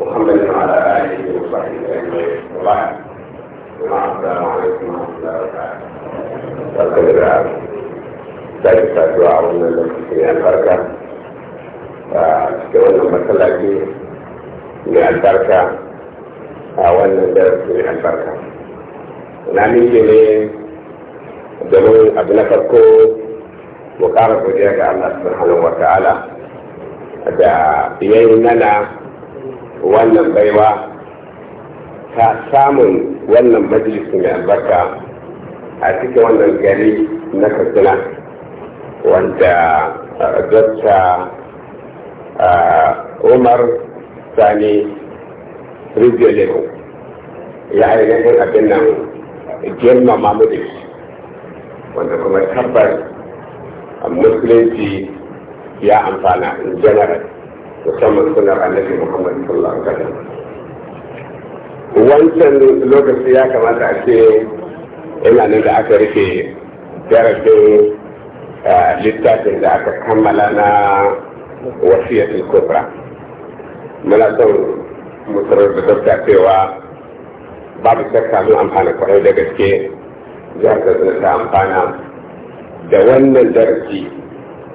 محمد وعلى آله وصحبه أجمعين وبعد السلام عليكم ورحمة الله وبركاته. Alhamdulillah. Saya kita doa untuk dengan berkat. Kita untuk masalah ini dengan berkat. Awan dan dengan berkat. Nami ini domin abu na farko mu kara godiya ga Allah subhanahu wa ta'ala da yayin nana wannan baiwa ta samun wannan majalisun mai albarka a cikin wannan gari na katsina wanda zarta uh, uh, umar sani rijiyar ya ainihin abin nan girmama mu wanda kuma tabbas uh, musulunci ya amfana general musamman sunar annabi muhammad sallallahu alaihi wasallam wancan lokaci ya kamata a ce ina nan da aka rike jarabin eh, littafin da aka kammala na wasiyatul kubra muna son musarar da dokta cewa babu shakka mun amfana kwarai da gaske jihar da ta amfana da wannan darasi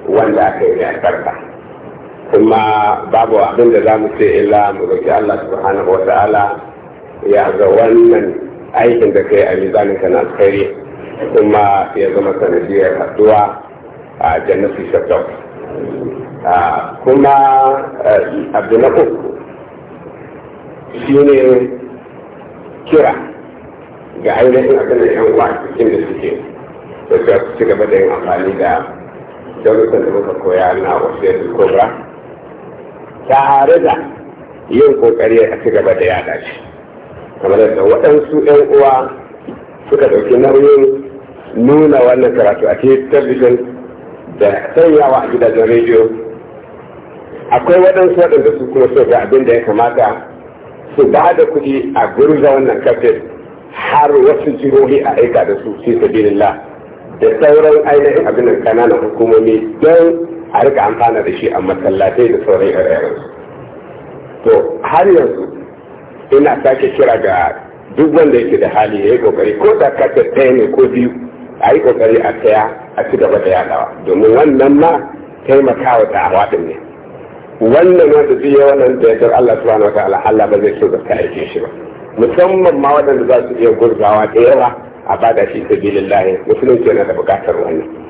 wanda aka yi albarka kuma babu abin da za mu ce illa mu roƙi Allah subhanahu wa ta'ala ya ga wannan aikin da kai a mizanin ka na alkhairi kuma ya zama sanadiyar haduwa a jannatu shakkar kuma eh, abu na uku shi ne kira ga ainihin abin da yan uwa cikin da suke da su ci gaba da yin amfani da jarusan da muka koya na wasu yadda kobra tare da yin kokari a ci gaba da yada shi kamar yadda waɗansu 'yan uwa suka ɗauki nauyin nuna wannan karatu a cikin talabijin da sanyawa a gidajen rediyo akwai waɗansu waɗanda su kuma so ga abin da ya kamata su ba da kuɗi a gurza wannan kafin har wasu jihohi a aika da su fi sabilillah da sauran ainihin abin kananan hukumomi don a rika amfana da shi a masallatai da sauran ire to har yanzu ina sake kira ga duk wanda yake da hali ya yi kokari ko da kasar ɗaya ne ko biyu a yi kokari a saya a ci gaba da yadawa domin wannan ma taimakawa da ne wannan wanda zai yi wannan da yadda Allah subhanahu wa ta'ala Allah ba zai so da ta aike shi ba musamman ma waɗanda za su iya gurzawa da yawa a bada shi sabilillahi musulunci yana da buƙatar wannan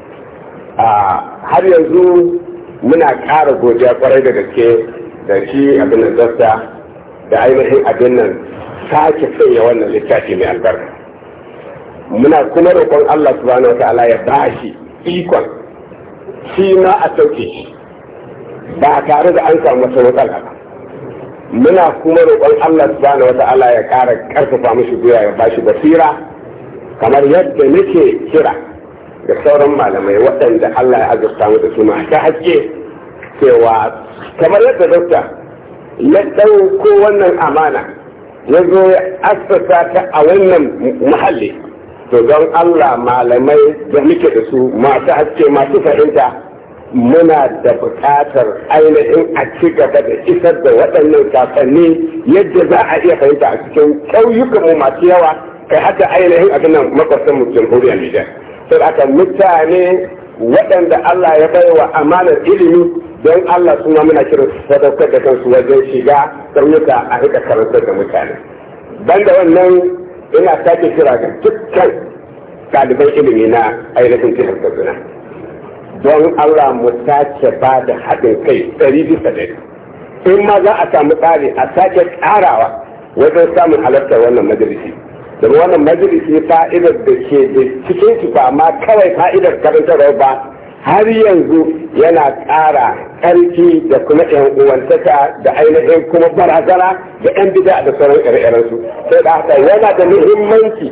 har yanzu muna ƙara godiya kwarai da gaske da shi abin nan zasta da ainihin abin nan sake sanya wannan littafi mai albarka muna kuma roƙon Allah subhanahu wataala ya ba shi ikon shi ma a sauke shi ba tare da an samu wata matsala ba muna kuma roƙon Allah subhanahu wataala ya ƙara ƙarfafa mashi gwiwa ya ba shi basira kamar yadda nake kira da sauran malamai waɗanda Allah ya azurta mu da suna ta haske cewa kamar yadda dokta ya ɗauko wannan amana ya zo ya asfasa ta a wannan muhalli to don Allah malamai da muke da su masu haske masu fahimta muna da buƙatar ainihin a ci gaba da isar da waɗannan kafanni yadda za a iya fahimta a cikin ƙauyukanmu masu yawa kai haka ainihin abin nan makwastan mu jamhuriyar Nijar. sai aka mutane waɗanda Allah ya bai wa amanar ilimi don Allah suna muna kiran su sadaukar da kansu wajen shiga ƙauyuka a rika karantar da mutane banda wannan ina sake kira ga dukkan ɗaliban ilimi na ainihin jihar Kaduna don Allah mu sake ba da haɗin kai ɗari bisa ɗari in ma za a samu tsari a sake ƙarawa wajen samun halartar wannan majalisi don wannan majalisi fa'idar da ke da cikin su ba ma kawai fa'idar karantarwa ba har yanzu yana ƙara ƙarfi da kuma ƴan uwantaka da ainihin kuma barazana da ƴan bida da sauran ire su sai da haka yana da muhimmanci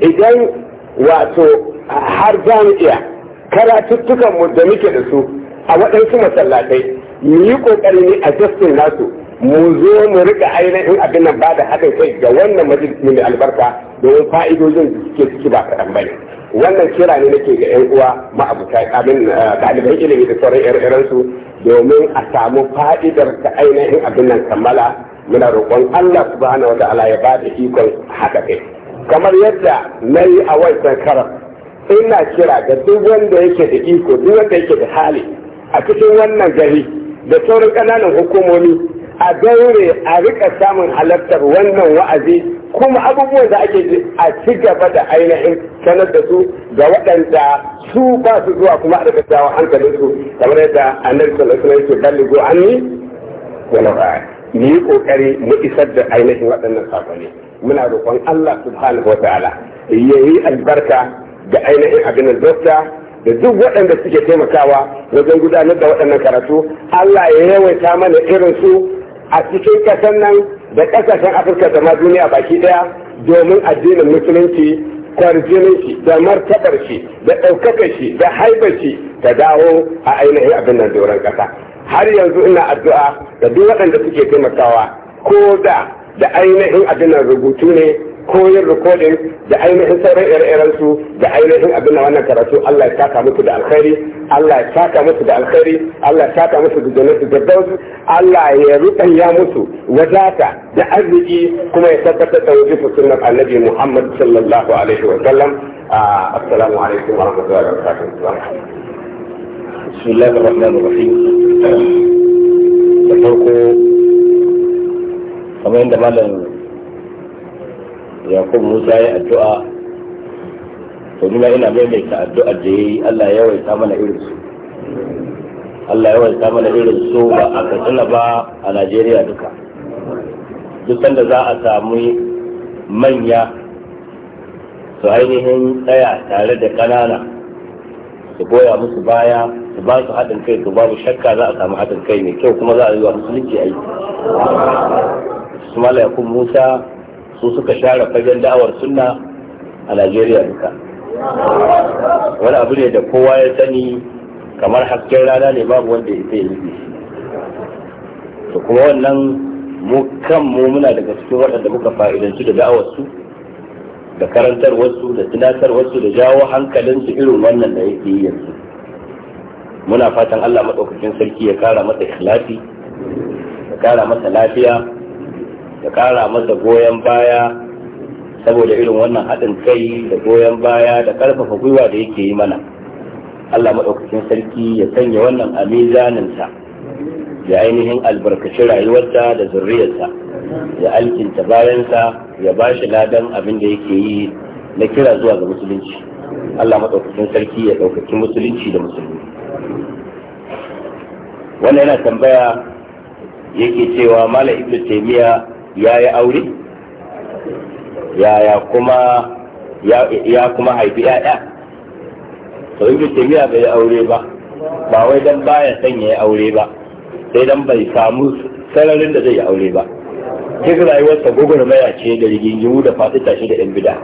idan wato har za mu iya karatuttukan mu da muke da su a waɗansu masallatai mu yi ƙoƙari ne a jastin nasu mu zo mu rika ainihin abin nan ba da haɗin kai ga wannan majalisi mai albarka domin fa'idojin da suke ciki ba kaɗan bane wannan kira ne nake ga 'yan uwa ma'abuta abin eh, ɗaliban ilimi da sauran ire su domin a samu fa'idar ta ainihin abin nan kammala muna roƙon Allah subhanahu wata'ala ya ba da ikon haɗa kai kamar yadda na yi a wancan karar ina kira ga duk wanda yake da iko duk wanda yake da hali a cikin wannan gari da sauran ƙananan hukumomi a daure a rika samun halartar wannan wa'azi kuma abubuwan da ake a ci gaba da ainihin sanar da su ga waɗanda su ba su zuwa kuma a rika jawo hankalin su kamar yadda annabi sallallahu alaihi wasallam yake balligo anni wala ba ni yi kokari mu isar da ainihin waɗannan sakonni muna roƙon Allah subhanahu wataala yayi albarka ga ainihin abin da da duk waɗanda suke taimakawa wajen gudanar da waɗannan karatu Allah ya yawaita mana irin su a cikin kasan nan da kasashen afirka da ma duniya baki daya domin addinin musulunci kwarjininci da martabar shi da ɗaukakar shi da haibar shi ta dawo a ainihin abin nan doron ƙasa har yanzu ina addu'a da duk waɗanda suke taimakawa ko da da ainihin abin nan rubutu ne ko rikodi da ainihin sauran ire-iren su da ainihin abin da wannan karatu Allah ya saka musu da alkhairi Allah ya saka da alkhairi Allah ya saka musu da jannatu Allah ya rubanya musu wadata da arziki kuma ya tabbatar da wajibu sunnar annabi Muhammad sallallahu alaihi wa sallam ah, assalamu alaikum wa rahmatullahi wa barakatuh بسم الله الرحمن da farko kamar yadda malam yakub musa ya addu'a to nuna ina maimaita addu'ar da ya yi allah ya waita mana irin su allah ya waita mana irin su ba a katsina ba a najeriya duka duk sanda za a samu manya su ainihin tsaya tare da ƙanana su goya musu baya su ba su haɗin kai su babu shakka za a samu haɗin kai mai kyau kuma za a yi wa musulunci aiki su mala yakun musa su suka share fagen da'awar sunna a Najeriya duka wani abu ne da kowa ya sani kamar hasken rana ne babu wanda ya sai yi to kuma wannan mu kanmu muna daga cikin waɗanda muka fa'idanci da da'awar su da karantar wasu da tunatar wasu da jawo hankalin su irin wannan da yake yi yanzu muna fatan Allah madaukakin sarki ya kara masa ikhlasi ya kara masa lafiya Ka kara masa goyon baya saboda irin wannan haɗin kai da goyon baya da ƙarfafa gwiwa da yake yi mana Allah maɗaukacin sarki ya sanya wannan a ya ainihin albarkaci rayuwarsa da zurriyarsa ya alkinta bayansa ya ba shi ladan abin da yake yi na kira zuwa ga musulunci Allah maɗaukacin sarki ya ɗaukaki musulunci da musulmi wannan yana tambaya yake cewa mala ibn taymiya ya yi aure yaya kuma ya kuma haifi ‘ya'ya to ibn tafiya bai yi aure ba ba wai dan baya san ya yi aure ba sai dan bai samu sararin da zai yi aure ba wasu gugun maya ce da rigingimu da fasu tashi da ‘yan bida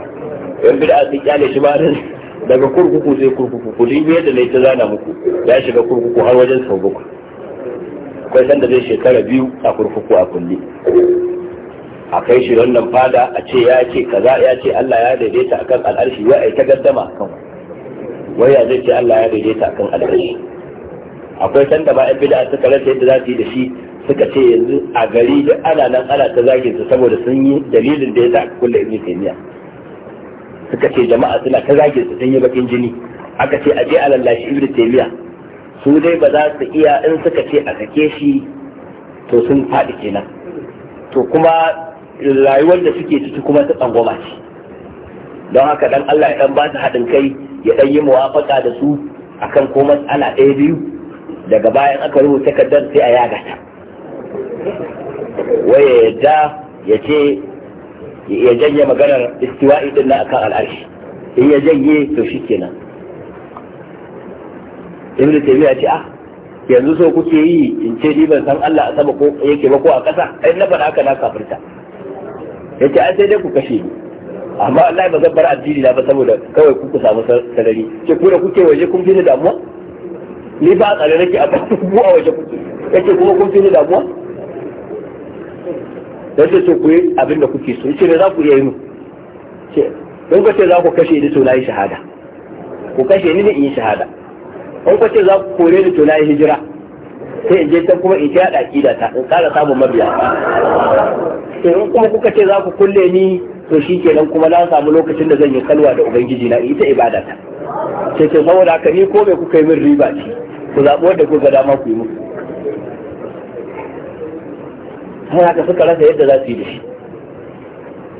‘yan bida sun kyale shi ba daga kurkuku sai kurkuku ku duk yadda ne ta zana muku ya shiga kurkuku har wajen sau bakwai akwai sanda zai shekara biyu a kurkuku a kulle a kai shi wannan fada a ce ya ce kaza ya ce Allah ya daidaita akan al'arshi wai ta gaddama kan wai ya zai ce Allah ya daidaita akan al'arshi akwai da ba ibda suka rasa yadda za su yi da shi suka ce yanzu a gari da ana nan ana ta zagin su saboda sun yi dalilin da ya sa kullu ibn taymiya suka ce jama'a suna ta zagin su sun yi bakin jini aka ce a je a lallashi ibn taymiya su dai ba za su iya in suka ce a sake shi to sun faɗi kenan to kuma rayuwar da suke ciki kuma ta tsangwama ce don haka dan Allah ya dan ba su haɗin kai ya dan yi muwafaka da su akan ko matsala ɗaya biyu daga bayan aka rubuta takardar sai a yaga ta waye yadda ya ce ya janye maganar istiwa'i din na akan al'arshi in ya janye to shikenan ibnu taymiya ce ah yanzu so kuke yi in ce ni ban san Allah a sama ko yake ba ko a ƙasa ai na faɗa haka na kafirta yace an sai dai ku kashe ni amma Allah ba zabbar addini na ba saboda kawai ku ku samu sarari ce ku da kuke waje kun fi ni damuwa ni ba a tsare nake a ku a waje kuke yace kuma kun fi ni damuwa yace to ku yi abin da kuke so yace ne za ku iya yi mu ce don ka ce za ku kashe ni to na yi shahada ku kashe ni ne in yi shahada in ku ce za ku kore ni to na yi hijira sai in je can kuma in yaɗa aƙida ta in ƙara samun mabiya in kuma kuka ce za ku kulle ni to shi kenan kuma na samu lokacin da zan yi kalwa da ubangiji na ita ibada ta sai ce saboda haka ni ko me kuka yi min riba ce ku zaɓi wanda kuka dama ku yi muku har haka suka rasa yadda za su yi da shi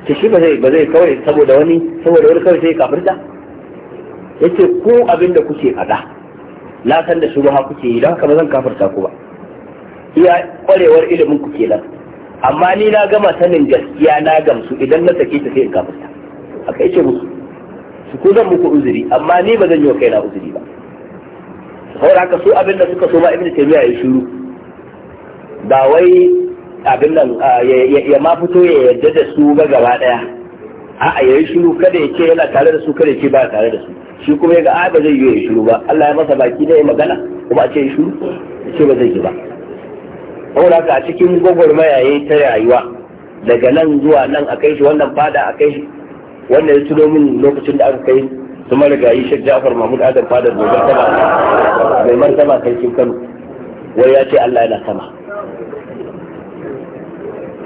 ce shi ba zai ba zai kawai saboda wani saboda wani kawai sai kafirta yace ko abin da kuke faɗa na san da shubha kuke yi don haka ba zan kafirta ku ba iya kwarewar ilimin ku kenan amma ni na gama sanin gaskiya na gamsu idan na sake ta sai in kafirta aka ce musu su ku zan muku uzuri amma ni ba zan yi wa kaina uzuri ba saboda haka su abin da suka so ma ibnu taymiya ya shiru ba wai abin nan ya ma fito ya yarda da su ba gaba daya a'a ya yi shiru kada ya ce yana tare da su kada ya ce ba tare da su shi kuma ya ga a ba zai yi ya shiru ba Allah ya masa baki da ya magana kuma a ce ya shiru ya ce ba zai yi ba saboda haka a cikin gwagwarmaya yayi ta rayuwa daga nan zuwa nan a kai shi wannan fada a kai shi wannan ya tuno min lokacin da aka kai su marigayi shek ja'far mahmud adam fada mai martaba mai martaba sarkin kano wai ya ce allah yana sama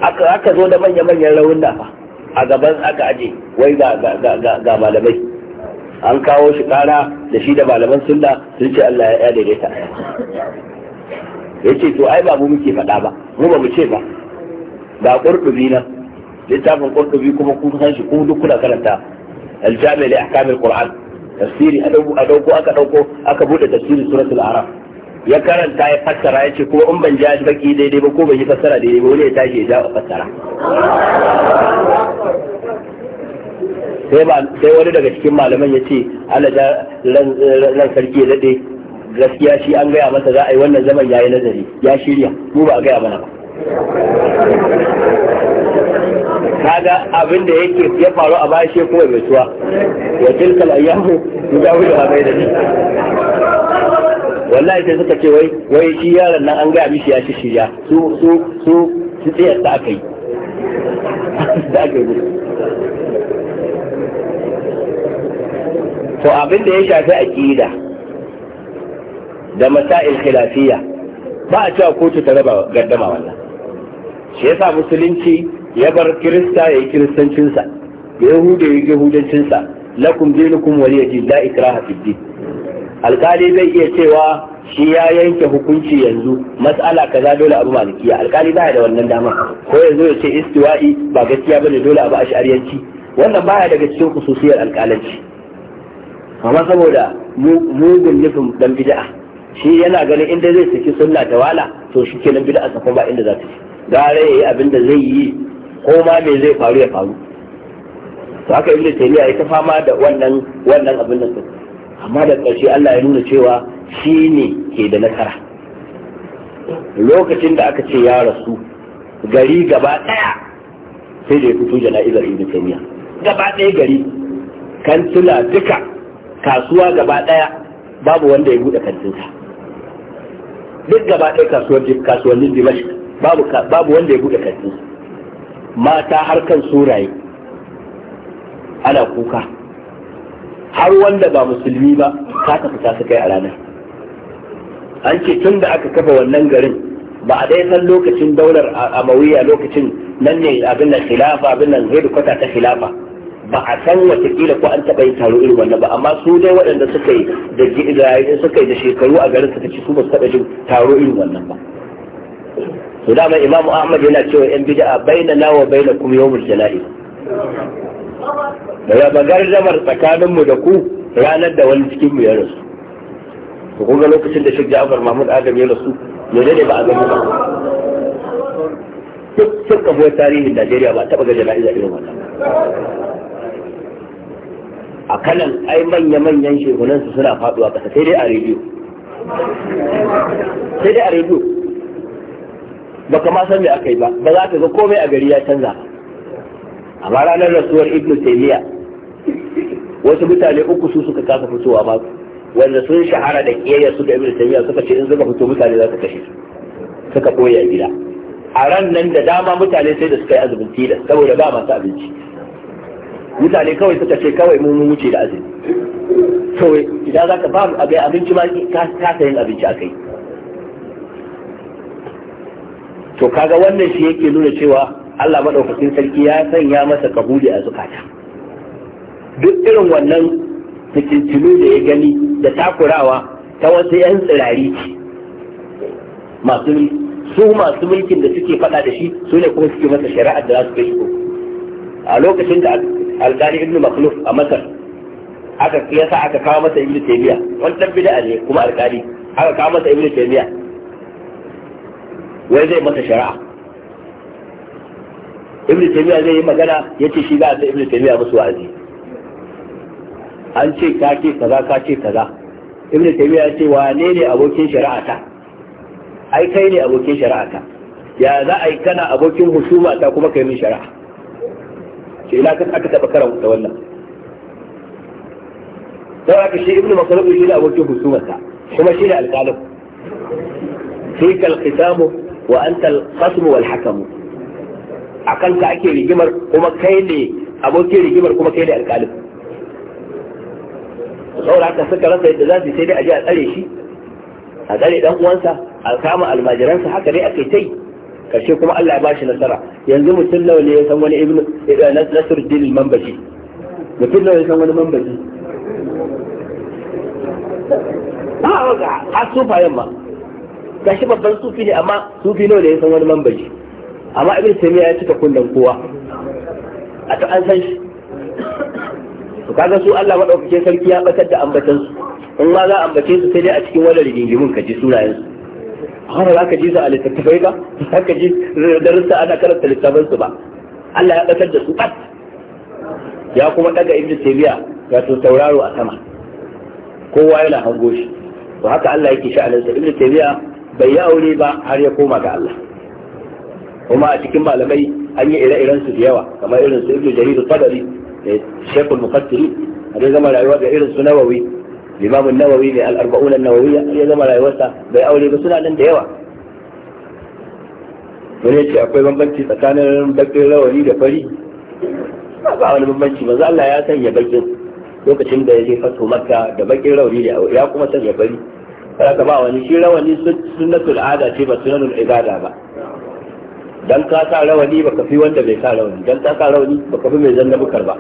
aka zo da manya-manyan rawun fa a gaban aka aje wai ga malamai an kawo shi kara da shi da malaman sunna sun ce allah ya daidaita yace to ai ba mu muke faɗa ba mu ba mu ce ba ga qurtubi nan littafin qurtubi kuma kun san shi ko duk kuna karanta al-jami' li ahkam quran tafsiri a dauko aka dauko aka bude tafsiri suratul araf ya karanta ya fassara ya ce kuma in ban ja baki daidai ba ko ban yi fassara daidai ba wani ya tashi ya ja a fassara sai wani daga cikin malaman ya ce ala ran sarki ya daɗe gaskiya shi an gaya masa za a yi wannan zaman ya yi nazari ya shirya mu ba a gaya mana ba kaga abin da yake ya faru a bashi shi kuma bai tuwa wa tilkal ayyamu yudawilu bai da ni wallahi sai suka ce wai wai shi yaron nan an gaya mishi ya shi shirya su su su su tsayar da aka yi da aka yi to abin da ya shafi aqida da masail khilafiyya ba a cewa kotu ta raba gaddama wannan shi yasa musulunci ya bar kirista ya yi sa ya yahuda ya yi sa lakum dinukum waliya din la ikraha fid din alkali zai iya cewa shi ya yanke hukunci yanzu mas'ala kaza dole abu malikiya alkali baya da wannan dama ko yanzu ya ce istiwa'i ba gaskiya bane dole abu ash'ariyanci wannan baya daga cikin khususiyar alkalanci amma saboda mugun nufin dan bid'a shi yana ganin inda zai saki sunna ta wala to shi kenan bid'a safa ba inda za ta yi gare yayi abin da zai yi ko ma me zai faru ya faru to haka ibnu taymiya ya ta fama da wannan wannan abin nan amma da ƙarshe Allah ya nuna cewa shi ne ke da nasara lokacin da aka ce ya rasu gari gaba ɗaya sai da ya fito jana'izar ibnu taymiya gaba ɗaya gari kantuna duka kasuwa gaba ɗaya babu wanda ya bude kantinsa duk gaba ɗaya kasuwannin kasuwannin babu wanda ya buɗe kanti mata har kan suraye ana kuka har wanda ba musulmi ba ka tafi ta kai a ranar an ce tun da aka kafa wannan garin ba a ɗaya san lokacin daular amawiya lokacin nan ne abin nan khilafa abin nan kwata ta khilafa ba a san watakila ko an taɓa yin taro irin wannan ba amma su dai waɗanda suka yi da suka yi da shekaru a garin suka ci su ba su taɓa jin taro irin wannan ba to dama imamu ahmad yana cewa yan bid'a baina na wa baina kum yawmul jala'i raba gardamar tsakanin mu da ku ranar da wani cikin mu ya rasu to kun ga lokacin da Sheikh Ja'far Mahmud Adam ya rasu ne ne ba a gani ba duk sun kafuwar tarihin Najeriya ba taɓa ga jana'iza irin wannan a kanan ai manya-manyan shekunansu suna faduwa ƙasa sai dai a rediyo sai dai a rediyo ba kama san me aka yi ba ba za ka ga komai a gari ya canza amma ranar rasuwar ibnu taymiya wasu mutane uku su suka kasa fitowa ba wanda sun shahara da kiyayya su da ibnu taymiya suka ce in suka fito mutane za su kashe su suka koya gida a ran nan da dama mutane sai da suka yi azumin tilas saboda ba masu abinci mutane kawai suka ce kawai mun wuce da azumi kawai idan za ka ba abinci ma ka sayin abinci a kai to kaga wannan shi yake nuna cewa Allah maɗaukakin sarki ya sanya masa kabuli a zukata duk irin wannan fitintinu da ya gani da takurawa ta wasu 'yan tsirari masu su masu mulkin da suke faɗa da shi su ne kuma suke masa shari'ar da za su kai ko. a lokacin da alƙali Ibn makhluf a masar aka yasa aka kawo masa Ibn taymiya wani dan bid'a ne kuma alƙali aka kawo masa Ibn taymiya wai zai masa shari'a Ibn taymiya zai yi magana yace shi za a sai ibn taymiya musu wa'azi an ce ka ce kaza ka ce kaza Ibn taymiya ya ce wane ne abokin shari'a ta? ai kai ne abokin shari'a ta? ya za a yi kana abokin husuma ta kuma kai min shari'a shi ila kan aka taba karanta wannan don haka shi ibnu masaruf shi ne abokin husumarsa kuma shi ne alƙalin fi kalkitamu wa anta alqasmu wal hakamu akan ka ake rigimar kuma kai ne abokin rigimar kuma kai ne alƙalin saboda haka suka rasa yadda za su sai dai a je a tsare shi a tsare dan uwansa a kama almajiransa haka dai ake ta yi karshe kuma Allah ya bashi nasara yanzu mutum nawa ne ya san wani ibnu eh, nasruddin al-manbaji mutum nawa ya san wani manbaji ba ga har sufayen yamma. Kashe babban sufi ne amma sufi nawa ne ya san wani manbaji amma ibn taymiya ya cika kundan kowa a to an san shi to kaga su Allah madaukakin sarki ya batar da ambatan su in ma za a ambace su sai dai a cikin wani rigingimin ka ji sunayen su haka za ka ji su a littattafai ba za ka ji darussa ana karanta littafansu ba Allah ya ɗasar da su ɓat ya kuma ɗaga ibn taimiyya ya wato tauraro a sama kowa yana hango shi to haka Allah yake sha'anin sa ibn taimiyya bai yi aure ba har ya koma ga Allah kuma a cikin malamai an yi ire-iren su da yawa kamar irin su ibn jarir al-qadari da shaykhul mufassiri a zama rayuwa da irin su nawawi limamin nawawi ne al-arba'un nawawi ya zama rayuwarsa bai aure ba suna nan da yawa wani ce akwai bambanci tsakanin bakin rawani da fari ba ba wani bambanci manzo Allah ya sanya bakin lokacin da ya je fato makka da bakin rawani da ya kuma sanya fari kada ba wani shi rawani sunnatul ada ce ba sunnatul ibada ba dan ka sa rawani baka fi wanda bai sa rawani dan ka sa rawani baka fi mai zannabukar ba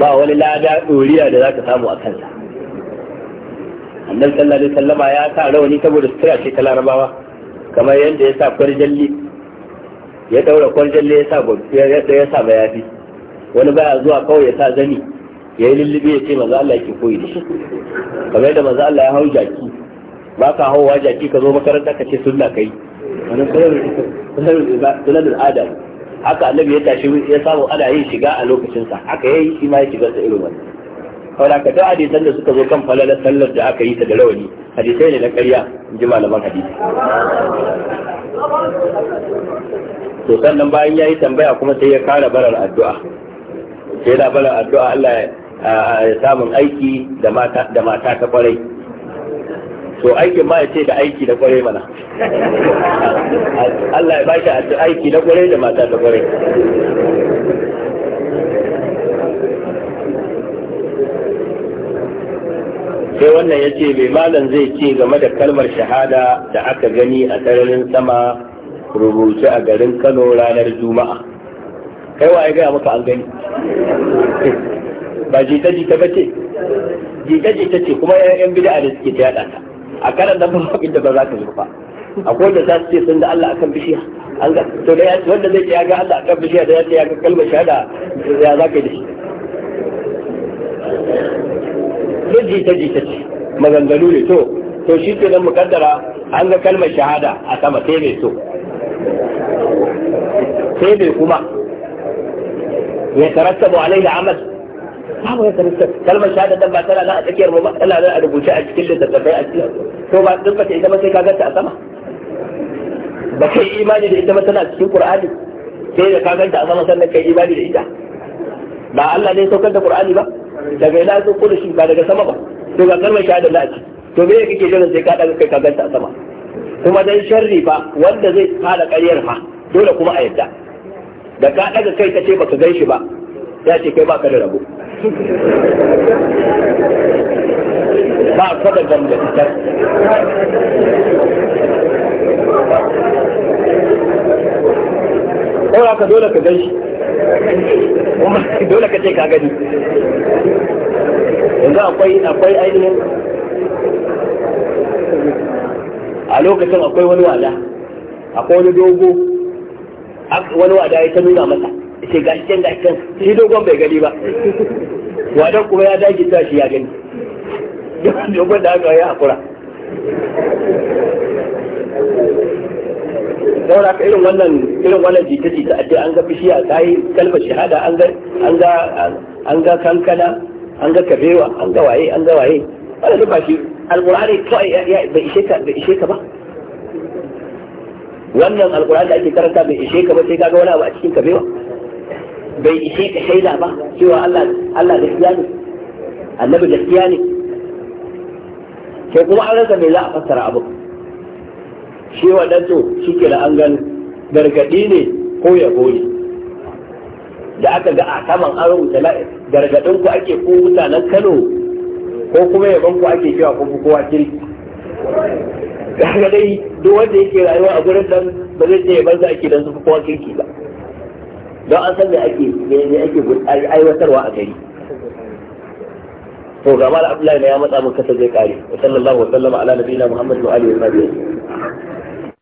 ba wani lada ɗoriya da za ka samu a kansa annabi sallallahu alaihi wasallama ya sa rawani saboda sutura ce ta larabawa kamar yadda ya sa kwarjalli ya daura kwarjalli ya sa ya sa bayafi wani baya zuwa kawai ya sa zani ya yi lullube ya ce maza Allah ke koyi da shi kamar yadda maza Allah ya hau jaki ba ka hau wa jaki ka zo makaranta ka ce sunna kai wani sunan al'ada haka annabi ya tashi ya samu ana yin shiga a lokacinsa, sa haka yayi shi ma ya shiga sa irin wannan saboda ka duk hadisan da suka zo kan falalar sallar da aka yi ta da rawani hadisai ne na ƙarya in ji malaman hadisi to sannan bayan ya yi tambaya kuma sai ya kara barar addu'a sai da barar addu'a Allah ya samun aiki da mata ta kwarai to aikin ma ya ce da aiki da kwarai mana Allah ya bashi aiki da kwarai da mata da kwarai sai wannan ya ce bai malam zai ce game da kalmar shahada da aka gani a sararin sama rubuce a garin kano ranar juma'a kai wa ya gaya maka an gani ba jita jita ba ce jita jita ce kuma yan bida da suke ta yada ta a da mun ba da ba za ka yi ba akwai da za su ce sun da Allah akan bishiya Allah to da wanda zai ce ya ga Allah akan bishiya da ya ce ya ga kalmar shahada ya za ka yi da shi duk jita jita ce maganganu ne to to shi ke nan mukaddara an ga kalmar shahada a sama sai mai so sai mai kuma ya tarattabu alaihi amal babu ya karanta kalmar shahada dan ba tana nan a tsakiyar mu ba tana nan a rubuce a cikin littattafai a cikin to ba duk ba ta ita ba sai ka ganta a sama ba kai imani da ita ba tana cikin qur'ani sai da ka ganta a sama sannan kai imani da ita ba Allah ne saukar da qur'ani ba daga ina zo ko da shi ba daga sama ba to ga kalmar shahada da ake to me kake jiran sai ka daga kai ka ganta a sama kuma dan sharri fa wanda zai fara ƙaryar fa dole kuma a yadda da ka daga kai ka ce baka gan shi ba ya ce kai ka da rabo su ba a kada dangantar ɗaura ka dole ka gan shi kuma dole ka ce ka gani yanzu akwai akwai ainihin a lokacin akwai wani wada akwai wani dogo wani wada ya ta nuna masa ce ga shi ga shi shi dogon bai gani ba wadon kuma ya dage ta shi ya gani dogon da haka ya haƙura saboda haka irin wannan irin wannan jita jita a an ga bishiya ta yi kalmar shahada an ga an ga an ga kankana an ga kabewa an ga waye an ga waye wanda duk ba shi alƙur'ani kawai bai ishe ka bai ishe ka ba wannan alƙur'ani da ake karanta bai ishe ka ba sai kaga wani abu a cikin kabewa bai ishe ka shaida ba cewa Allah da gaskiya ne annabi gaskiya ne sai kuma an rasa me za a fassara abu shi wadanto shi ke an gano gargadi ne ko ya ne da aka ga a saman an rubuta gargadin ku ake ko mutanen Kano ko kuma yabon ku ake cewa ku kowa kirki kaga duk wanda yake rayuwa a gurin nan ba zai ce yaban za ake dan su kowa kirki ba don an san me ake me ake aiwatarwa a gari to ga mal abdullahi ne ya matsa mun kasa zai kare sallallahu alaihi wa sallam ala nabiyina muhammad wa alihi wa sahbihi